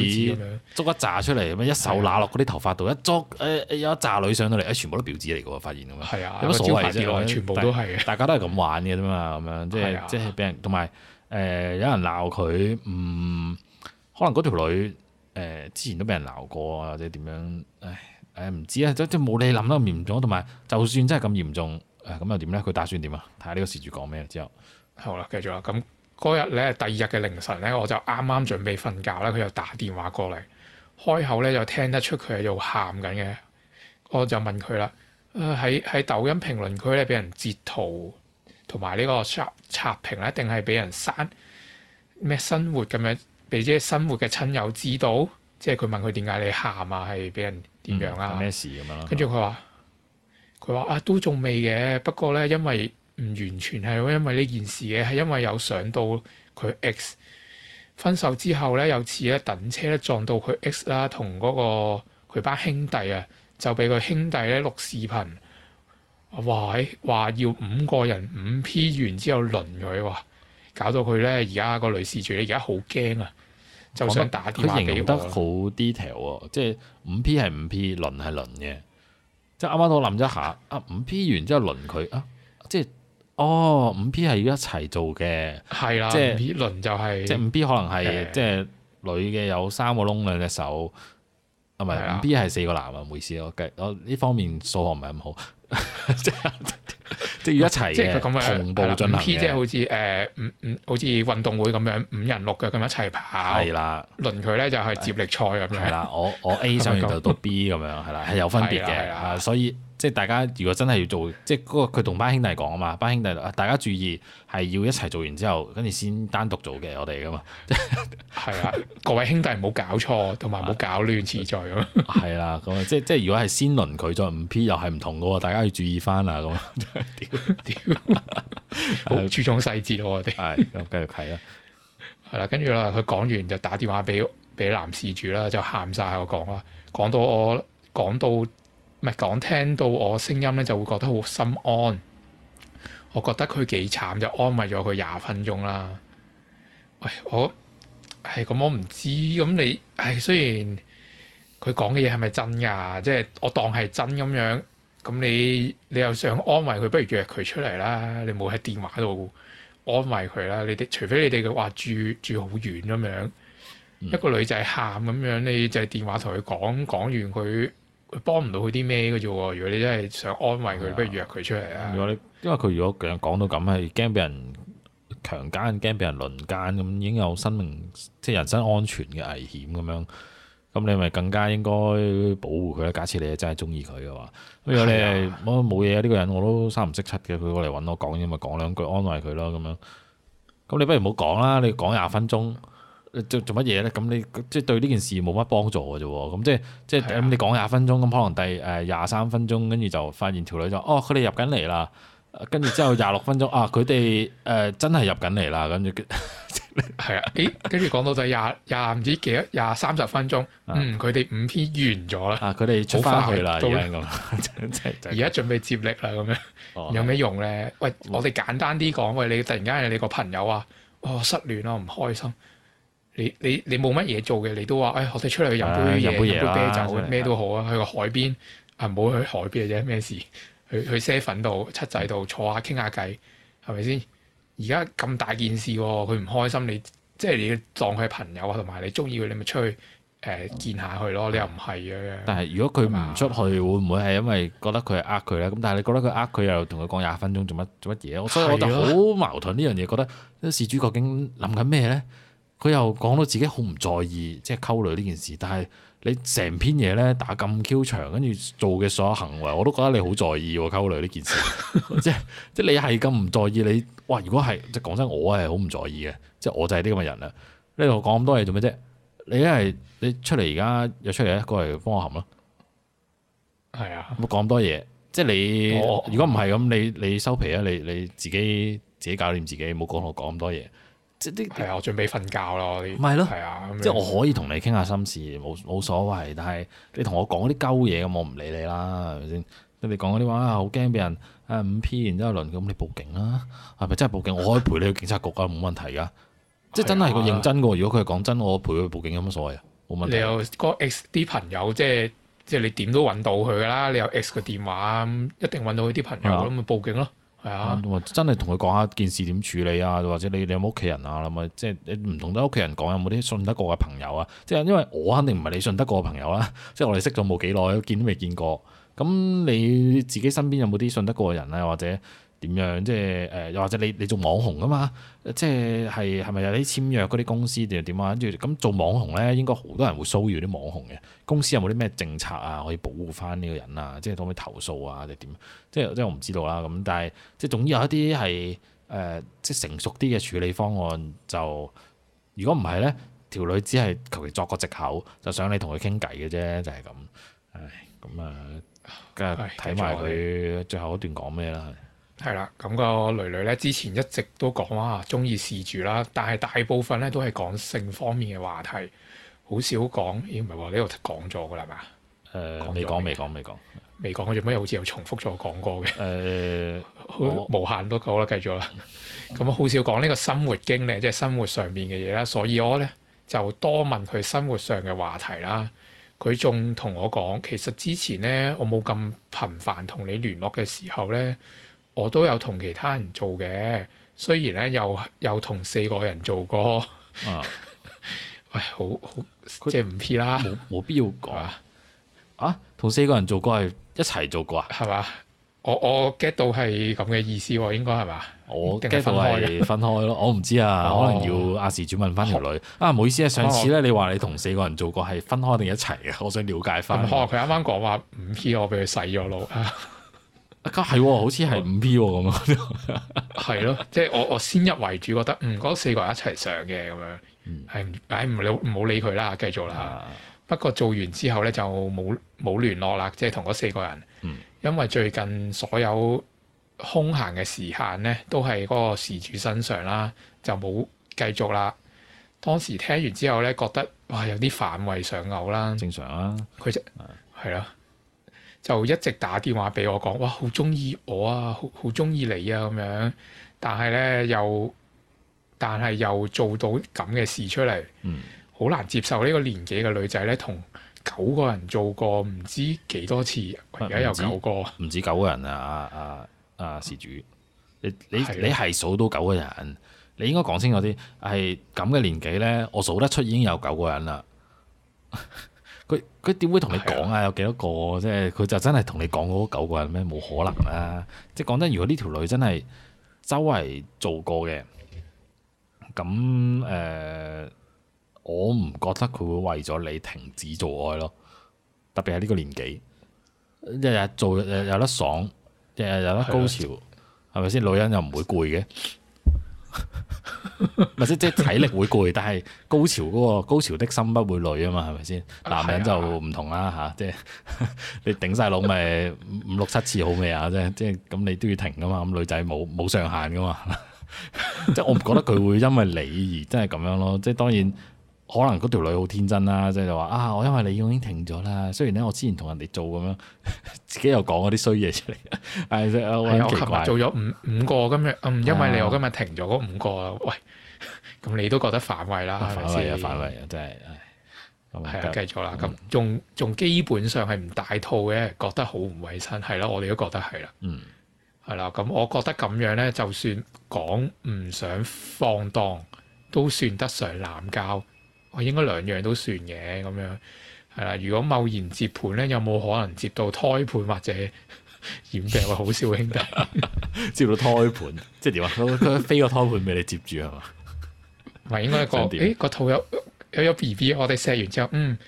A: 捉一紮出嚟咁樣，一手拿落嗰啲頭髮度，一捉誒有一紮女上到嚟，全部都婊子嚟㗎喎，發現咁樣係啊，有乜所謂啫？全部都係，大家都係咁玩嘅啫嘛，咁樣即係即係俾人同埋誒有人鬧佢，嗯，可能嗰條女誒之前都俾人鬧過啊，或者點樣，唉。誒，唔知啊，即即冇你諗咁嚴重同埋，就算真係咁嚴重，誒咁又點咧？佢打算點啊？睇下呢個事主講咩之後好啦，繼續啦。咁嗰日咧，第二日嘅凌晨
B: 咧，我就啱啱準備瞓覺啦。佢又打電話過嚟，開口咧就聽得出佢喺度喊緊嘅。我就問佢啦：，喺、呃、喺抖音評論區咧，俾人截圖同埋呢個刷 h o 咧，定係俾人刪咩生活咁樣俾啲生活嘅親友知道？即係佢問佢點解你喊啊？係俾人？點樣啊？嗯，咩事咁樣咯？跟住佢話，佢話啊都仲未嘅，不過咧因為唔完全係因為呢件事嘅，係因為有上到佢 X 分手之後咧，有次咧等車咧撞到佢 X 啦，同嗰個佢班兄弟啊，就俾個兄弟咧錄視頻，哇喺話要五個人五 P 完之後輪佢，話搞到佢咧而家個女事主咧而家好驚啊！就想打電話佢形容得好
A: detail 即係五 P 係五 P，輪係輪嘅。即係啱啱我諗咗一下，啊五 P 完之後輪佢啊，即係哦五 P 係要一齊做嘅。係啦的，即係是五 P 輪就係、是、即係五 P 可能係的即係女嘅有三個窿兩隻手，啊唔係五 P 係四個男啊唔好的意思，我計我呢方面數學唔係咁好。 即要一齊，即係佢咁樣同步進行 P 即係
B: 好似誒、呃，五五好似運動會咁樣，五人六嘅咁一齊跑。
A: 係啦的，輪佢咧就係接力賽咁樣。係啦的， 我我 A 上完就到，到 B 咁樣，係啦，係有分別嘅，所以。即係大家如果真係要做，即係嗰個佢同班兄弟講啊嘛，班兄弟大家注意係要一齊做完之後，跟住先單獨做嘅我哋噶嘛，係啊，各位兄弟唔好搞錯，同埋唔好搞亂次序咁。係啦，咁啊，啊啊啊嗯、即係即係如果係先輪佢再五 P 又係唔同噶喎，大家要注意翻啊咁。屌屌，好注重細節咯我哋。係咁繼續睇啦、啊。係啦、啊，跟住啦，佢講
B: 完就打電話俾俾男事主啦，就喊晒喺度講啦，講到我講到我。咪係講聽到我聲音咧，就會覺得好心安。我覺得佢幾慘，就安慰咗佢廿分鐘啦。喂，我係咁，我唔知。咁你係雖然佢講嘅嘢係咪真噶？即係我當係真咁樣。咁你你又想安慰佢，不如約佢出嚟啦。你冇喺電話度安慰佢啦。你哋除非你哋嘅話住住好遠咁樣，嗯，一個女仔喊咁樣，你就係電話同佢講講完佢。
A: 幫唔到佢啲咩嘅啫喎！如果你真係想安慰佢，的不如約佢出嚟啊！如果你因為佢如果講講到咁係驚俾人強姦，驚俾人輪奸，咁已經有生命即係人身安全嘅危險咁樣，咁你咪更加應該保護佢啦。假設你係真係中意佢嘅話，
B: 的如果你係
A: 冇冇嘢呢個人我都三唔識七嘅，佢過嚟揾我講嘢咪講兩句安慰佢咯咁樣。咁你不如唔好講啦，你講廿分鐘，做做乜嘢咧？咁你即係對呢件事冇乜幫助嘅啫喎。咁即係即係咁的、嗯，你講廿分鐘，咁可能第誒廿三分鐘，跟住就發現條女就哦佢哋入緊嚟啦。跟住之後廿六分鐘啊，佢哋誒真係入緊嚟啦。跟住係啊，咦，跟、欸、住講到
B: 就廿廿唔知幾多廿三十分鐘，啊、嗯佢哋五 P 完咗啦。啊佢哋出翻去啦，而家準備接力啦咁樣、哦、有咩用咧？喂，我哋簡單啲講，喂你突然間係你個朋友啊，我、哦哦、失戀咯，唔開心。你你你冇乜嘢做嘅，你都話，誒我哋出嚟去杯飲杯嘢、啊，飲杯啤酒，咩都好啊！去個海邊，啊冇去海邊啫，咩事？去去啡粉度、七仔度坐下傾下偈，係咪先？而家咁大件事喎，佢唔開心，你即係你要當佢朋友啊，同埋你中意佢，你咪出去誒見下佢咯。你又唔係嘅。
A: 但係如果佢唔出去，會唔會係因為覺得佢係呃佢咧？咁但係你覺得佢呃佢，又同佢講廿分鐘做乜做乜嘢？所以我就好矛盾呢樣嘢，覺得事主究竟諗緊咩咧？.佢又講到自己好唔在意，即係溝女呢件事。但係你成篇嘢呢打咁 Q 長，跟住做嘅所有行為，我都覺得你好在意喎溝女呢件事。 即係即係你係咁唔在意你，哇！如果係即係講真，我係好唔在意嘅。即係我就係啲咁嘅人啦。呢度講咁多嘢做咩啫？你一係你，你出嚟而家又出嚟咧，過、那、嚟、個、幫我冚咯。係啊，冇講咁多嘢。即係你我如果唔係咁，你你收皮啊！你你自己自己搞掂自己，冇講我講咁多嘢。即啲係啊，我準備瞓覺咯啲。咪係咯，係啊，嗯、即係我可以同你傾下心事，冇冇所謂。但係你同我講嗰啲鳩嘢咁，我唔理你啦，係咪先？你哋講嗰啲話好驚俾人啊五 P，然之後輪咁，你報警啦，係咪真係報警？我可以陪你去警察局啊，冇 問題噶。即係真係佢認真㗎。如果佢係講真，我陪佢報警有乜所謂啊？冇問題。你有
B: 個 X 啲朋友，即係即係你點都揾到佢啦。你有 X 個電話，一定揾到佢啲朋友咁，咪、啊、報警咯。係
A: 啊，嗯、真係同佢講下件事點處理啊，或者你你有冇屋企人啊？咁啊，即係你唔同得屋企人講，有冇啲信得過嘅朋友啊？即係因為我肯定唔係你信得過嘅朋友啦，啊，即係我哋識咗冇幾耐，見都未見過。咁你自己身邊有冇啲信得過嘅人啊？或者？點樣即係誒？又或者你你做網紅啊嘛？即係係係咪有啲簽約嗰啲公司定係點啊？跟住咁做網紅咧，應該好多人會騷擾啲網紅嘅公司有冇啲咩政策啊？可以保護翻呢個人啊？即係同佢投訴啊？定點？即係即係我唔知道啦。咁但係即係總之有一啲係誒，即係成熟啲嘅處理方案就如果唔係咧，條女只係求其作個藉口就想你同佢傾偈嘅啫，就係咁唉咁啊，梗係睇埋佢最後一段講咩啦？係啦，咁、個女
B: 女咧之前一直都講哇，中、啊、意事主啦，但係大部分咧都係講性方面嘅話題，好少講。咦，唔係話呢個講咗噶啦嘛？誒，未講未講未講未講，我做咩好似又重複咗講過嘅？誒，無限多個啦，繼續啦。咁 好少講呢個生活經歷，即係生活上面嘅嘢啦。所以我咧就多問佢生活上嘅話題啦。佢仲同我講，其實之前咧我冇咁頻繁同你聯絡嘅時候咧。我都有同其他人做嘅，雖然咧又又同四個人做過。啊，喂、哎，好好，他即係五 P 啦，冇冇必要講吧啊？啊，同四個人做過係一齊做過啊？係嘛、哦？我我 get 到係咁嘅意思喎，應該係嘛？
A: 我 get 到係分開咯，我唔知啊，可能要亞視主問翻條女學啊，唔好意思啊，上次咧你話你同四個人做過係分開定一齊嘅，我想了解翻。佢啱啱講話五 P，我俾佢洗咗腦。 啊，咁係，好似係五 P 咁、哦、啊，
B: 係 咯，即、就、係、係、我我先入為主，覺得嗯，嗰四個人一齊上嘅咁樣，係、嗯，唉，唔你唔好理佢啦，繼續啦。啊、不過做完之後咧就冇冇聯絡啦，即係同嗰四個人，嗯、因為最近所有空閒嘅時限咧都係嗰個事主身上啦，就冇繼續啦。當時聽完之後咧覺得哇，有啲反胃上嘔啦，正常啊，佢就係啦。啊就一直打電話俾我講，哇，好中意我啊，好好中意你啊咁樣。但係咧，又但係又做到咁嘅事出嚟，好、嗯、難接受呢個年紀嘅女仔咧，同九個人做過唔知幾多
A: 次，而家有九個，唔止，唔止九個人啊！啊啊！事主，嗯、你你是的 你係數到九個人，你應該講清楚啲。係咁嘅年紀咧，我數得出已經有九個人啦。 佢佢點會同你講啊？有幾多個？即係佢就真係同你講嗰九個人咩？冇可能啦，啊！即係講真，如果呢條女真係周圍做過嘅，咁誒、呃，我唔覺得佢會為咗你停止做愛咯。特別係呢個年紀，日日做，日日有得爽，日日有得高潮，係咪先？女人又唔會攰嘅。唔係 即即體力會攰，但係高潮嗰個高潮的心不會累啊嘛，係咪先？男人就唔同啦吓，即係你頂晒腦咪五六七次好未啊？即係即係咁你都要停噶嘛，咁女仔冇冇上限噶嘛。 即係我唔覺得佢會因為你而真係咁樣咯，即係當然。可能嗰條女好天真啦，即係就話、是、啊，我因為你已經停咗啦。雖然咧，我之前同人哋做咁樣，自己又講嗰啲衰嘢出嚟、 啊。我琴日做咗五五
B: 個咁樣，今日嗯，因為你我今日停咗嗰五個啦。喂，咁你都覺得反胃啦？反胃啊，反胃啊，真係係啊，繼續啦。咁仲仲基本上係唔帶套嘅，覺得好唔衞生係咯。我哋都覺得係啦，嗯係啦。咁我覺得咁樣咧，就算講唔想放蕩，都算得上濫交。我應該兩樣都算嘅咁樣，係啦。如果貿然接盤咧，有冇可能接到胎盤或者染病啊？好笑兄弟，
A: 接到胎
B: 盤即係點啊？佢飛個胎盤俾你接住係嘛？唔係應該個誒個肚有有有 B B，我哋射完之後，嗯，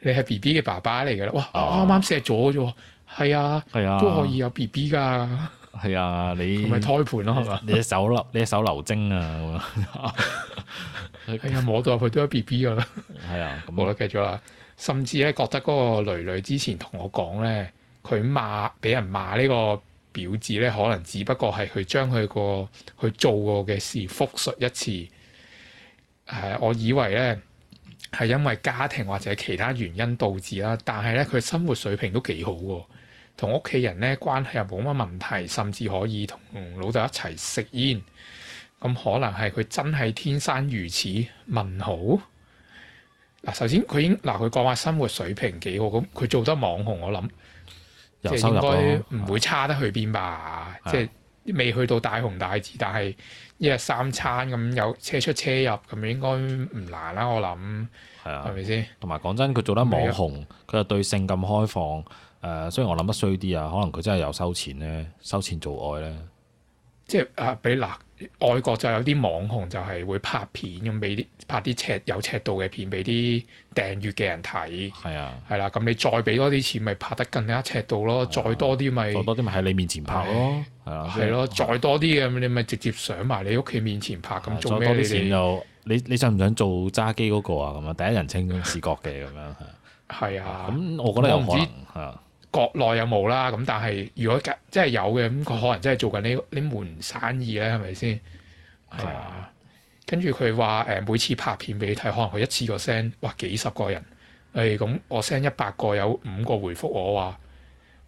B: 你係 B B 嘅爸爸嚟㗎啦。哇，啱啱射咗
A: 啫喎，係啊，係啊，都可以有 B B 噶，係啊，你咪胎盤咯係嘛？你隻手你隻手流精啊！係啊、 哎，摸到入去都有 B B 噶
B: 啦。係 啊，咁好啦，繼續啦。甚至咧，覺得嗰個女女之前同我講咧，佢罵俾人罵呢個婊子咧，可能只不過係佢將佢個佢做過嘅事複述一次。誒、呃，我以為咧係因為家庭或者其他原因導致啦，但係咧佢生活水平都幾好，啊，同屋企人咧關係又冇乜問題，甚至可以同老豆一齊食煙。咁可能係佢真係天生如此問好嗱，首先佢應嗱佢講話生活水平幾好，咁佢做得網紅，我諗
A: 又係應該唔會
B: 差得去邊吧？即係未去到大紅大紫，的但係一日三餐咁有車出車入，咁應該唔難啦。我諗
A: 係咪先？同埋講真，佢做得網紅，佢又的對性咁開放，誒、呃，雖然我諗得衰啲啊，可能佢真係有收錢咧，收錢做愛咧。即係啊，譬
B: 如外國就有啲網紅就係會拍片咁俾啲拍啲尺有尺度嘅片俾啲訂閲嘅人睇。係啊，係啦，咁你再俾多啲錢，咪拍得更加尺度咯。再多啲咪多啲咪喺你面前拍咯。係啊，係咯，再多啲嘅你咪直接上埋你屋企面前拍咁做咩？你哋又
A: 你你想唔想做揸機嗰個啊？咁啊，第一人稱視覺嘅咁樣係啊。咁我覺得有可能
B: 國內有冇啦，咁但係如果即係有嘅，咁佢可能真係做緊呢啲門生意咧，係咪先？係啊吧，跟住佢話誒，每次拍片俾你睇，可能佢一次過 send，哇幾十個人，誒、哎、咁、嗯、我 send 一百個，有五個回覆我話，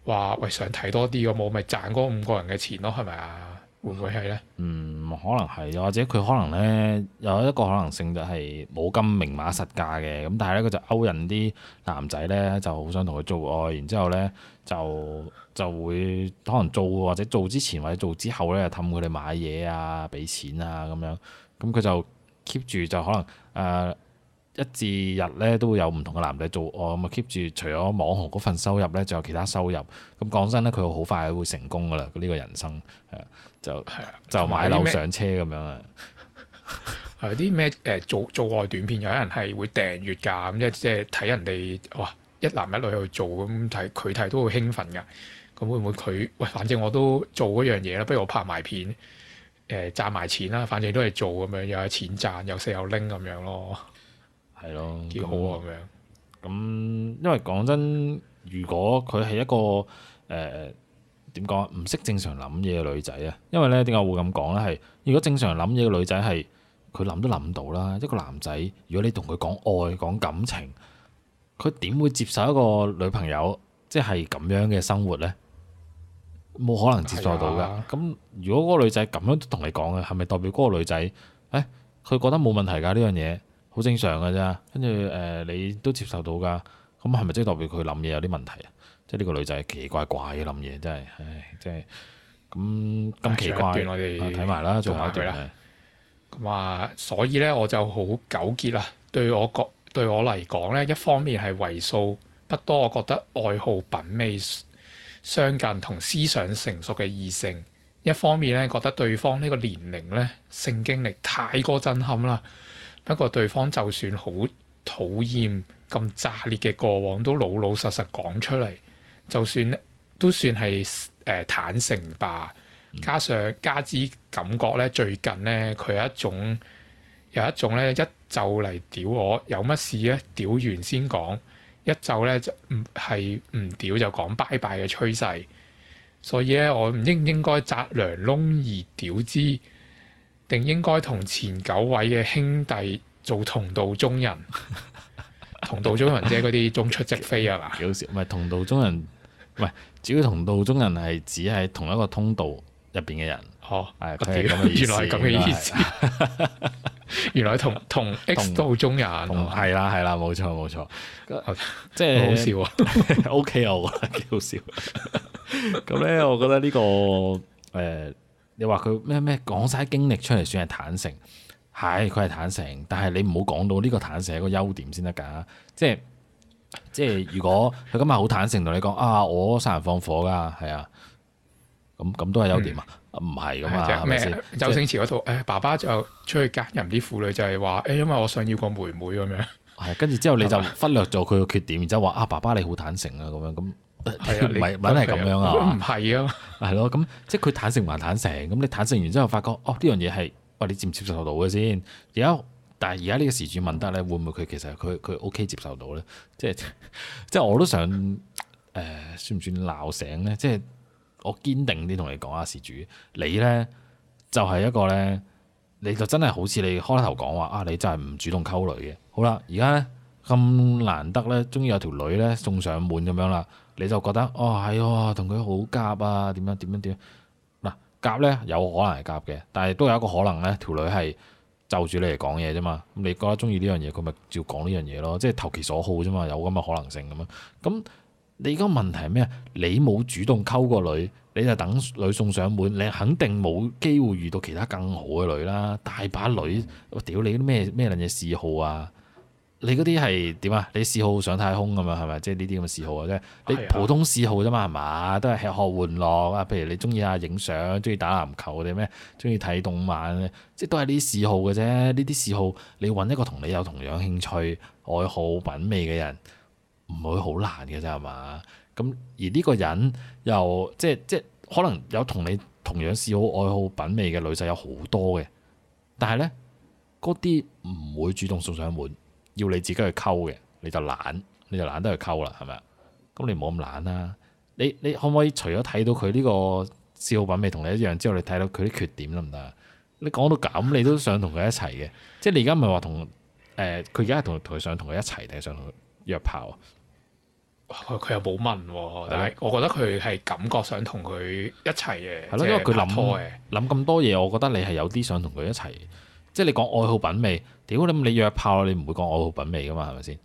B: 話喂想睇多啲咁，我咪賺嗰五個人嘅錢咯，係咪啊？會唔會係
A: 咧？嗯，可能係，又或者佢可能咧有一個可能性就係冇咁明碼實價嘅，咁但係咧佢就勾引啲男仔咧就好想同佢做愛，然之後咧就就會可能做或者做之前或者做之後咧氹佢哋買嘢啊、俾錢啊咁樣，咁、嗯、佢就 keep 住就可能誒、呃、一至日咧都會有唔同嘅男仔做愛，咁啊 keep 住除咗網紅嗰份收入咧，仲有其他收入，咁講真咧佢好快會成功㗎喇，呢、這個人生係。嗯就係啊！就買樓上車咁樣啊！ 係啲咩誒做做愛短片？有人係會
B: 訂閱㗎，咁即係睇人哋哇一男一女去做咁睇，佢睇都會興奮㗎。咁會唔會佢喂？反正我都做嗰樣嘢啦，不如我拍埋片誒、呃、賺埋錢啦。反正都係做咁樣，又有錢賺，又食又拎咁樣咯。係
A: 咯的，幾好啊咁樣。咁那因為講真，如果佢係一個誒。呃點講唔識正常諗嘢嘅女仔啊？因為呢點解會咁講咧？係如果正常諗嘢嘅女仔係佢諗都諗到啦。一個男仔，如果你同佢講愛講感情，佢點會接受一個女朋友即係咁樣嘅生活呢？冇可能接受到㗎。咁的如果嗰個女仔咁樣都同你講嘅，係咪代表嗰個女仔佢、哎、覺得冇問題㗎呢樣嘢？好正常㗎啫。跟住誒你都接受到㗎。咁係咪即係代表佢諗嘢有啲問題啊？即係呢個女仔奇怪怪嘅諗嘢，真係，唉，即係咁咁奇怪。我哋睇埋啦，做埋一段啦。
B: 咁啊，所以咧，我就好糾結啦。對我覺，對我嚟講咧，一方面係為數不多，我覺得愛好品味相近同思想成熟嘅異性，一方面咧，覺得對方呢個年齡咧，性經歷太過震撼啦。不過對方就算好討厭咁炸裂嘅過往，都老老實實講出嚟。就算都算係誒、呃、坦誠吧，加上加之感覺咧，最近咧佢有一種有一種咧一就嚟屌我，有乜事咧屌完先講，一就咧就唔係唔屌就講拜拜嘅趨勢，所以咧我唔應應該擇良窿而屌之，定應該同前九位嘅兄弟做同道中人， 同道中人即係嗰
A: 啲中出即飛啊嘛，有時唔係同道中人。唔係，主要同道中人係指喺同一個通道入邊嘅人。哦，係，原來咁嘅意思。原來同 同，同 X 道中人。係啦同，係啦同，冇錯、啊，冇錯、啊嗯。即係好笑啊 ！OK 我覺得幾好笑。咁 咧、嗯，我覺得呢、這個誒、呃，你話佢咩咩講晒經歷出嚟，算、哎、係坦誠。係，佢係坦誠，但係你唔好講到呢個坦誠係一個優點先得噶。即係、啊。啊 即係如果佢今日好坦誠同你講啊，我殺人放火噶，係啊，咁咁都係優點、嗯、啊，唔係噶嘛，係咪先？是是周星
B: 馳嗰套誒、哎，爸爸就出去奸淫啲婦女就，就係話誒，因為我想要個妹妹咁樣。
A: 係，跟住之後你就忽略咗佢嘅缺點，然之後話啊，爸爸你好坦誠啊，咁樣咁，唔、啊、係，真係咁樣啊？唔係啊， 啊，係、嗯、咯，咁即係佢坦誠還坦誠，咁你坦誠完之後發覺哦，呢樣嘢係，喂、哦哦哦哦哦，你接唔接受到嘅先？而家。但係而家呢個事主問得呢，會唔會佢其實佢佢 OK 接受到呢？即係即係我都想誒、呃，算唔算鬧醒呢？即係我堅定啲同你講啊，事主，你呢就係、是、一個呢，你就真係好似你開頭講話啊，你真係唔主動溝女嘅。好啦，而家呢咁難得呢，終於有條女呢，送上門咁樣啦，你就覺得哦係喎，同佢好夾啊？點樣點樣點樣？嗱，夾、啊、呢有可能係夾嘅，但係都有一個可能呢，條女係。就住你嚟講嘢啫嘛，咁你覺得中意呢樣嘢，佢咪照講呢樣嘢咯，即係投其所好啫嘛，有咁嘅可能性咁啊。咁你而家問題係咩啊？你冇主動溝個女，你就等女送上門，你肯定冇機會遇到其他更好嘅女啦。大把女，我、嗯、屌你啲咩咩人嘅嗜好啊！你嗰啲係點啊？你嗜好上太空咁啊？係咪即係呢啲咁嘅嗜好啊？即係你普通嗜好啫嘛，係嘛？都係吃喝玩樂啊。譬如你中意啊影相，中意打籃球，啲咩？中意睇動漫，即係都係呢啲嗜好嘅啫。呢啲嗜好你揾一個同你有同樣興趣、愛好、品味嘅人，唔會好難嘅啫，係嘛？咁而呢個人又即係即係可能有同你同樣嗜好、愛好、品味嘅女仔有好多嘅，但係呢，嗰啲唔會主動送上門。要你自己去溝嘅，你就懶，你就懶得去溝啦，係咪啊？咁你唔好咁懶啦。你你可唔可以除咗睇到佢呢個嗜好品味同你一樣之後，你睇到佢啲缺點得唔得？你講到咁，你都想同佢一齊嘅，即係你而家唔係話同誒佢而家係同佢想同佢一齊定係想同佢約炮
B: 啊？佢又冇問，但係我覺得佢係感覺想同佢一齊嘅，即係的拍拖嘅，因為佢
A: 諗咁多嘢，我覺得你係有啲想同佢一齊。即係你講愛好品味，屌你咁你約炮，你唔會講愛好品味噶嘛，係咪先？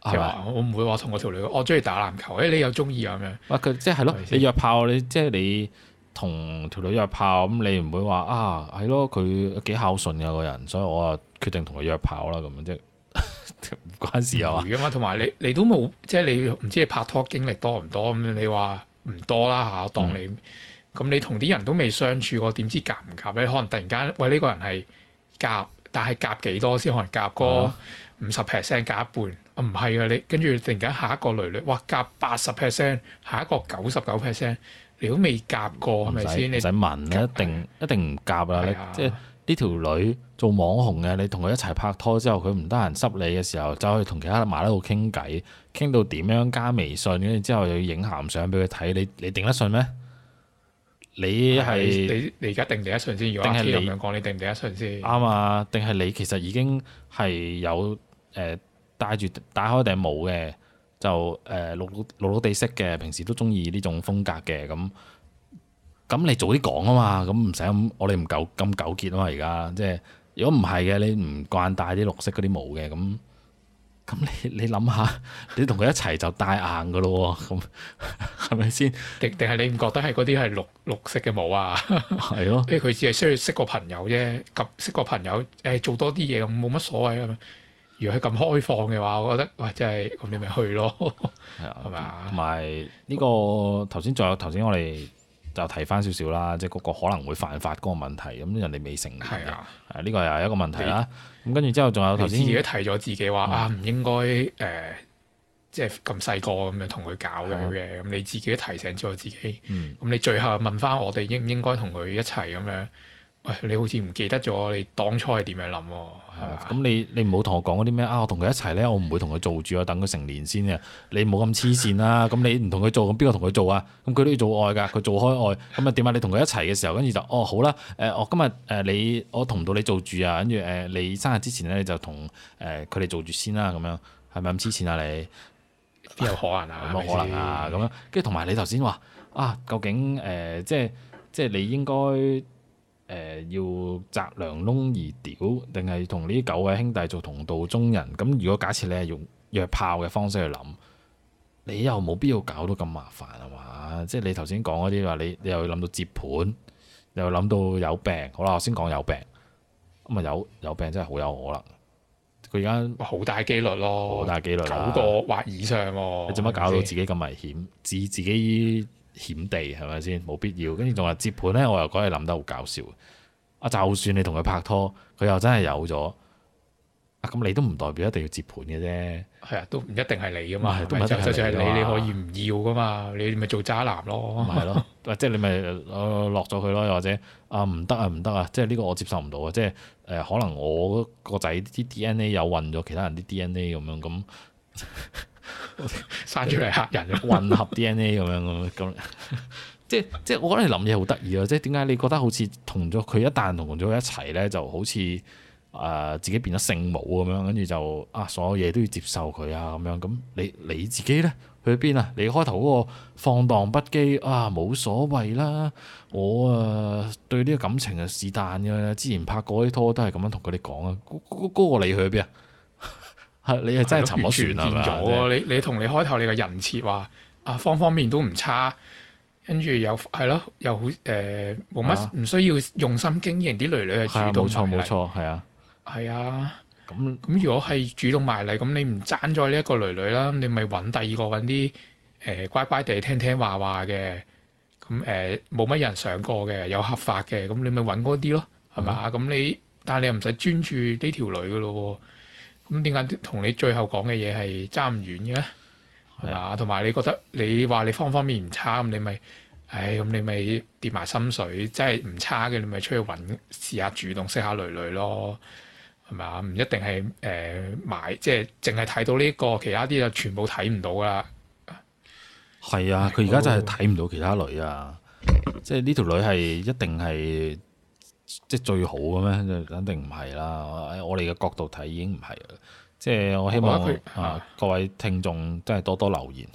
B: 係嘛，
A: 我唔會話同我條女，我中意打籃球，誒你
B: 又中意啊咁樣。
A: 哇佢即係咯，你約炮，你即係你同條女約炮，咁你唔會話啊係咯，佢幾孝順嘅個人，所以我啊決定同佢約炮啦咁樣，即係唔 關事啊嘛。同埋你你都冇即係你唔知你拍拖經歷
B: 多唔多，咁你話唔多啦吓，啊，當你。嗯咁你同啲人都未相處過，點知夾唔夾咧？你可能突然間，喂呢個人係夾，但係夾幾多先？可能夾過五十 percent 夾一半、嗯、啊？唔係啊，你跟住突然間下一個女女，哇夾八十
A: percent，下一個九十九 percent，你都未夾過係咪先？你使問啊？一定一定唔夾啊。你即係呢條女做網紅嘅，你同佢一齊拍拖之後，佢唔得閒執你嘅時候，走去同其他麻甩佬喺度傾偈，傾到點樣加微信，跟住之後又要影鹹相俾佢睇，你你頂得順咩？你係你而家定第一信先？如果定係你咁樣講，你定第一信先？啱啊，定係你其實已經係有誒、呃、戴住打開頂帽嘅，就誒、呃、綠綠綠地色嘅，平時都中意呢種風格嘅咁。咁你早啲講啊嘛，咁唔使咁我哋唔夠咁糾結啊嘛而家。即係如果唔係嘅，你唔慣戴啲綠色嗰啲帽嘅咁。咁你你諗下，你同佢一齊就戴硬噶咯，咁係咪先？定定係你唔覺得係嗰啲係綠綠色嘅帽啊？係 咯的，
B: 即係佢只係需要識個朋友啫，咁識個朋友，誒、欸、做多啲嘢，冇乜所謂啊。
A: 如果佢咁開放嘅話，我覺得喂、哎、真係，咁你咪去咯，係咪的？同埋呢個頭先，仲有頭先我哋就提翻少少啦，即係嗰個可能會犯法嗰個問題，咁人哋未成年啊的。的啊！呢、這個又係一個問題啦。咁你、啊、跟住之後，仲有頭先自己提
B: 咗自己話、嗯、啊，唔應該誒、呃，即係咁細個咁樣同佢搞咁樣嘅。咁、嗯、你自己都提醒咗自己。咁、嗯、你最後問翻我哋，應唔應該同佢一齊咁樣？喂、 哎，你好似唔記得咗你當初係點樣諗喎？
A: 咁對 你 你唔好同我講嗰啲咩啊？我同佢一齊咧，我唔會同佢做住啊，等佢成年先啊，你冇咁黐線啦！咁你唔同佢做，咁邊個同佢做啊？咁佢都要做愛㗎，佢做開愛咁啊？點啊？imagine 你同佢一齊嘅時候，跟住就哦，好啦，誒、哦呃、我今日誒你我同唔到你做住、呃呃、啊，跟住誒你生日之前咧就同誒佢哋做住先啦，咁樣係咪咁黐線啊？你邊有可能啊？冇可能啊！咁樣跟住同埋你頭先話啊，究竟誒即係即係你應該？ 要擇良窿而屌，定係同呢九位兄弟做同道中人？咁如果假設你係用約炮嘅方式去諗，你又冇必要搞到咁麻煩係嘛？即係你頭先講嗰啲話，你你又諗到接盤，又諗到有病。好啦，我先講有病。咁啊有有病真係好有可能。佢而家好大機率咯、啊，好大機率、啊，九個或以上喎、啊。你做乜搞到自己咁危險？自自己險地係咪先？冇必要，跟住仲話接盤咧，我又覺得諗得好搞笑。啊，就算你同佢拍拖，佢又真係有咗，啊咁你都唔代表一定要接盤嘅啫。係啊，都唔一定係你㗎嘛。是嘛就算係你，你可以唔要㗎嘛, 嘛。你咪做渣男咯。咪 係咯，即係你咪落咗佢咯，又或者啊唔得啊唔得啊,啊，即係呢個我接受唔到啊，即係誒可能我個仔啲 D N A 有混咗其他人啲 D N A 咁樣咁。 生出嚟吓人混合 DNA 咁樣咁，即係即係我覺得你諗嘢好得意啊！即係點解你覺得好似同咗佢一旦同咗佢一齊咧，就好似誒、呃、自己變咗聖母咁樣，跟住就啊所有嘢都要接受佢啊咁樣。咁你你自己咧去邊啊？你開頭嗰個放蕩不羈啊，冇所謂啦！我誒、啊、對呢個感情啊是但嘅，之前拍過啲拖都係咁樣同佢哋講啊。嗰、嗰個你去邊啊？係你又真係沉咗船啊嘛！你
B: 你同你開頭你嘅人設話啊方方面都唔差，跟住又係咯又好誒冇乜唔需要用心經營啲女女係主動嚟，係冇錯冇錯係啊係啊咁咁如果係主動賣力，咁你唔爭咗呢一個女女啦，你咪揾第二個揾啲誒乖乖哋聽聽話話嘅，咁誒冇乜人上過嘅，有合法嘅，咁你咪揾嗰啲咯，係咪？咁你,、嗯、你但係你又唔使專注呢條女噶咯。咁點解同你最後講嘅嘢係差唔遠嘅咧？係啊吧，同埋你覺得你話你方方面唔差咁，你咪唉咁，你咪跌埋心水，即係唔差嘅，你咪出去揾試下主動識下女女咯，係咪？唔一定係誒、呃、買，即係淨係睇到呢、這個，其他啲就全部睇唔到㗎啦。
A: 係啊，佢而家真係睇唔到其他女啊，即係呢條女係一定係。即係最好嘅咩？肯定唔係啦！哎、我哋嘅角度睇已經唔係啦。即係我希望 I agree. 啊，各位聽眾真係多多留言，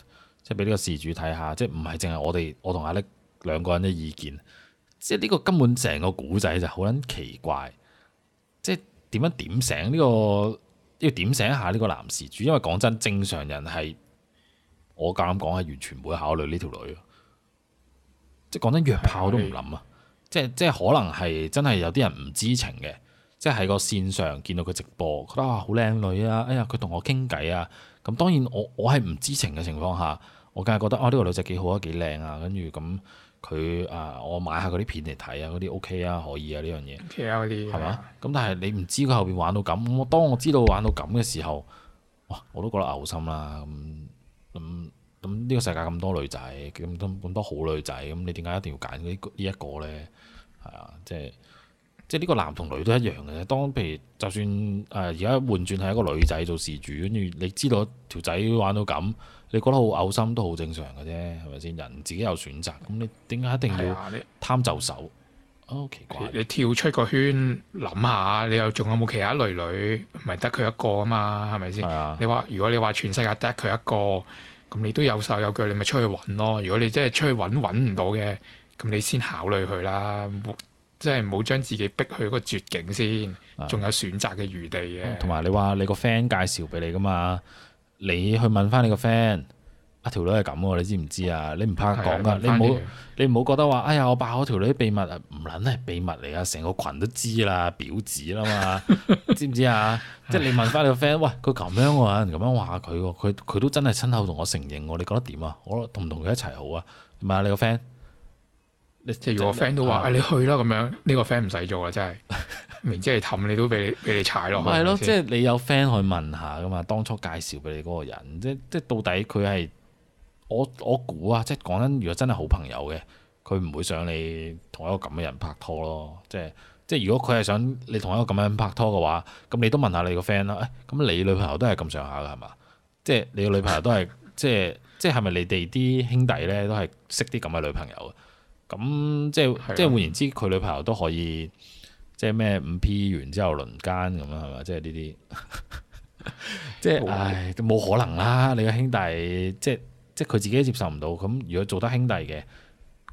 A: 即係俾呢個事主睇下，即係唔係淨係我哋我同阿叻兩個人嘅意見。即係呢個根本成個古仔就好捻奇怪。即係點樣點醒呢、呢個要點醒一下呢個男事主？因為講真，正常人係我咁講係完全唔會考慮呢條女。即係講真，約炮都唔諗啊！即係可能係真係有啲人唔知情嘅，即係喺個線上見到佢直播，覺得好靚女啊！哎呀，佢同我傾偈啊！咁當然我我係唔知情嘅情況下，我梗係覺得啊呢個女仔幾好啊，幾靚啊！跟住咁佢啊，我買下嗰啲片嚟睇啊，嗰啲 OK 啊，可以啊呢樣嘢。P.L.D. 係嘛？咁、啊、但係你唔知佢後邊玩到咁，當我知道玩到咁嘅時候，哇！我都覺得嘔心啦！咁咁咁呢個世界咁多女仔，咁多咁多好女仔，咁你點解一定要揀呢呢一個呢？係啊，即係即係呢個男同女都一樣嘅。當譬如就算誒而家換轉係一個女仔做事主，跟住你知道條仔玩到咁，你覺得好嘔心都好正常嘅啫，係咪先？人自己有選擇，咁你點解一定要貪就手？好、啊 oh, 奇
B: 怪、啊！你跳出個圈諗下，你又仲有冇其他女女？咪得佢一個啊嘛，係咪先？啊、你話如果你話全世界得佢一個，咁你都有手有腳，你咪出去搵咯。如果你真係出去搵搵唔到嘅。咁你先考慮佢啦，即係唔好將自己逼去一個絕境先，仲有選擇嘅餘地嘅。同
A: 埋、啊、你話你個 friend 介紹俾你噶嘛？你去問翻你個 friend，啊條女係咁喎，你知唔知啊、哦？你唔怕講噶，你唔好你唔好覺得話，哎呀我爆我條女秘密啊，唔撚係秘密嚟啊，成個群都知啦，婊子啦嘛， 知唔知 啊？即係你問翻你個 friend，喂佢咁樣喎，咁樣話佢喎，佢佢都真係親口同我承認喎，你覺得點啊？我同唔同佢一齊好啊？唔係啊，你個 friend。
B: 即係如果 friend 都話、啊啊，你去
A: 啦咁樣，呢、
B: 這個 friend 唔使做啦，真係明知係氹你都俾你俾你踩咯。係咯，即係
A: 你有 friend 去問下噶嘛？當初介紹俾你嗰個人，即即到底佢係我我估啊，即講真，如果真係好朋友嘅，佢唔會想你同一個咁嘅人拍拖咯。即即如果佢係想你同一個咁嘅人拍拖嘅話，咁你都問下你個 friend 啦。誒、哎，咁你女朋友都係咁上下噶係嘛？即你個女朋友都係即即係咪你哋啲兄弟咧都係識啲咁嘅女朋友？咁即係即係換言之，佢女朋友都可以即係咩五 P 完之後輪奸咁啦，係咪？即係呢啲，即係唉冇可能啦！你嘅兄弟即係即係佢自己都接受唔到。咁如果做得兄弟嘅，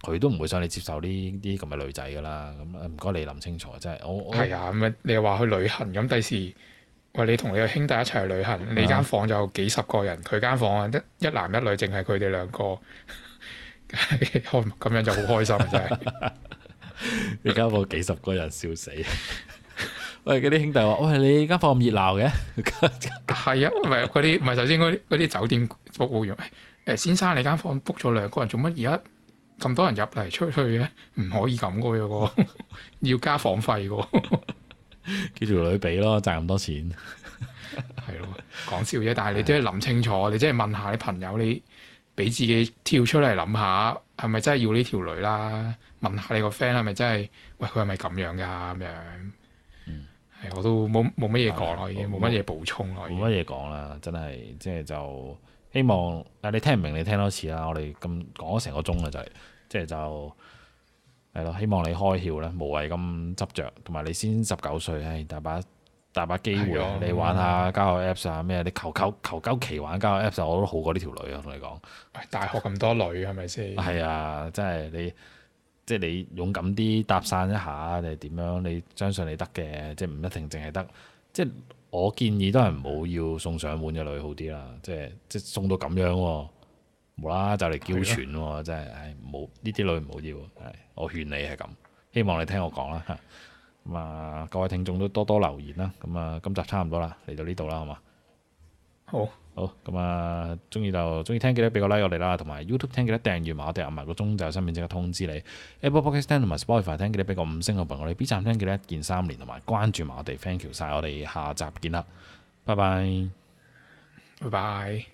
A: 佢都唔會想你接受呢啲咁嘅女仔㗎啦。咁唔該你諗清楚，真係我係啊！咁啊，你又話去旅行咁第時，喂你同你嘅兄弟
B: 一齊去旅行，你間房就幾十個人，佢、嗯、間房一一男一女，淨係佢哋兩個。
A: 開咁 樣就好開心，真係！而家部幾十個人笑死。 喂，嗰啲兄弟話：，喂，你間房咁熱鬧嘅，
B: 係 啊，唔係嗰啲，唔係頭先啲啲酒店服務員。誒、哎，先生，你間房 book 咗兩個人，做乜而家咁多人入嚟出去嘅？唔可以咁嘅喎， 要加房費嘅、
A: 啊。 叫條女俾咯，賺咁多錢，
B: 係 咯、啊，講笑啫。但係你都要諗清楚， 你真係問下你朋友你。俾自己跳出嚟諗下，係咪真係要呢條女啦？問下你個 friend 係咪真係？喂，佢係咪
A: 咁樣噶咁樣？嗯，係，我都冇冇乜嘢講啦，已經冇乜嘢補充啦，冇乜嘢講啦，真係即係就希望誒，你聽唔明你聽多次啦。我哋咁講咗成個鐘啦就係，即係就係咯，希望你開竅啦，無謂咁執着，同埋你先十九歲，唉大把。大把機會，啊、你玩下交友 Apps 啊咩？你求求求求其玩交友 Apps，我都好過呢條女啊！同你講，大學咁多女係咪先？係 啊，真係你即係你勇敢啲搭訕一下定點樣？你相信你得嘅，即係唔一定淨係得。即係我建議都係唔好要送上門嘅女好啲啦。即係即係送到咁樣，無啦就嚟嬌喘喎！啊、真係，唉冇呢啲女唔好要，係我勸你係咁，希望你聽我講啦嚇。咁啊，各位聽眾都多多留言啦。咁啊，今集差唔多啦，嚟到呢度啦，好嘛？
B: 好，好，
A: 咁、嗯、啊，中意就中意聽，記得俾個 like 我哋啦。同埋 YouTube 聽，記得訂閱埋我哋，同埋個鐘就有新片即刻通知你。Apple Podcast 同埋 Spotify 聽，記得俾個五星好評。我哋 B 站聽，記得一鍵三連，同埋關注埋我哋 Thank you 晒。我哋下集見啦，拜拜，拜拜。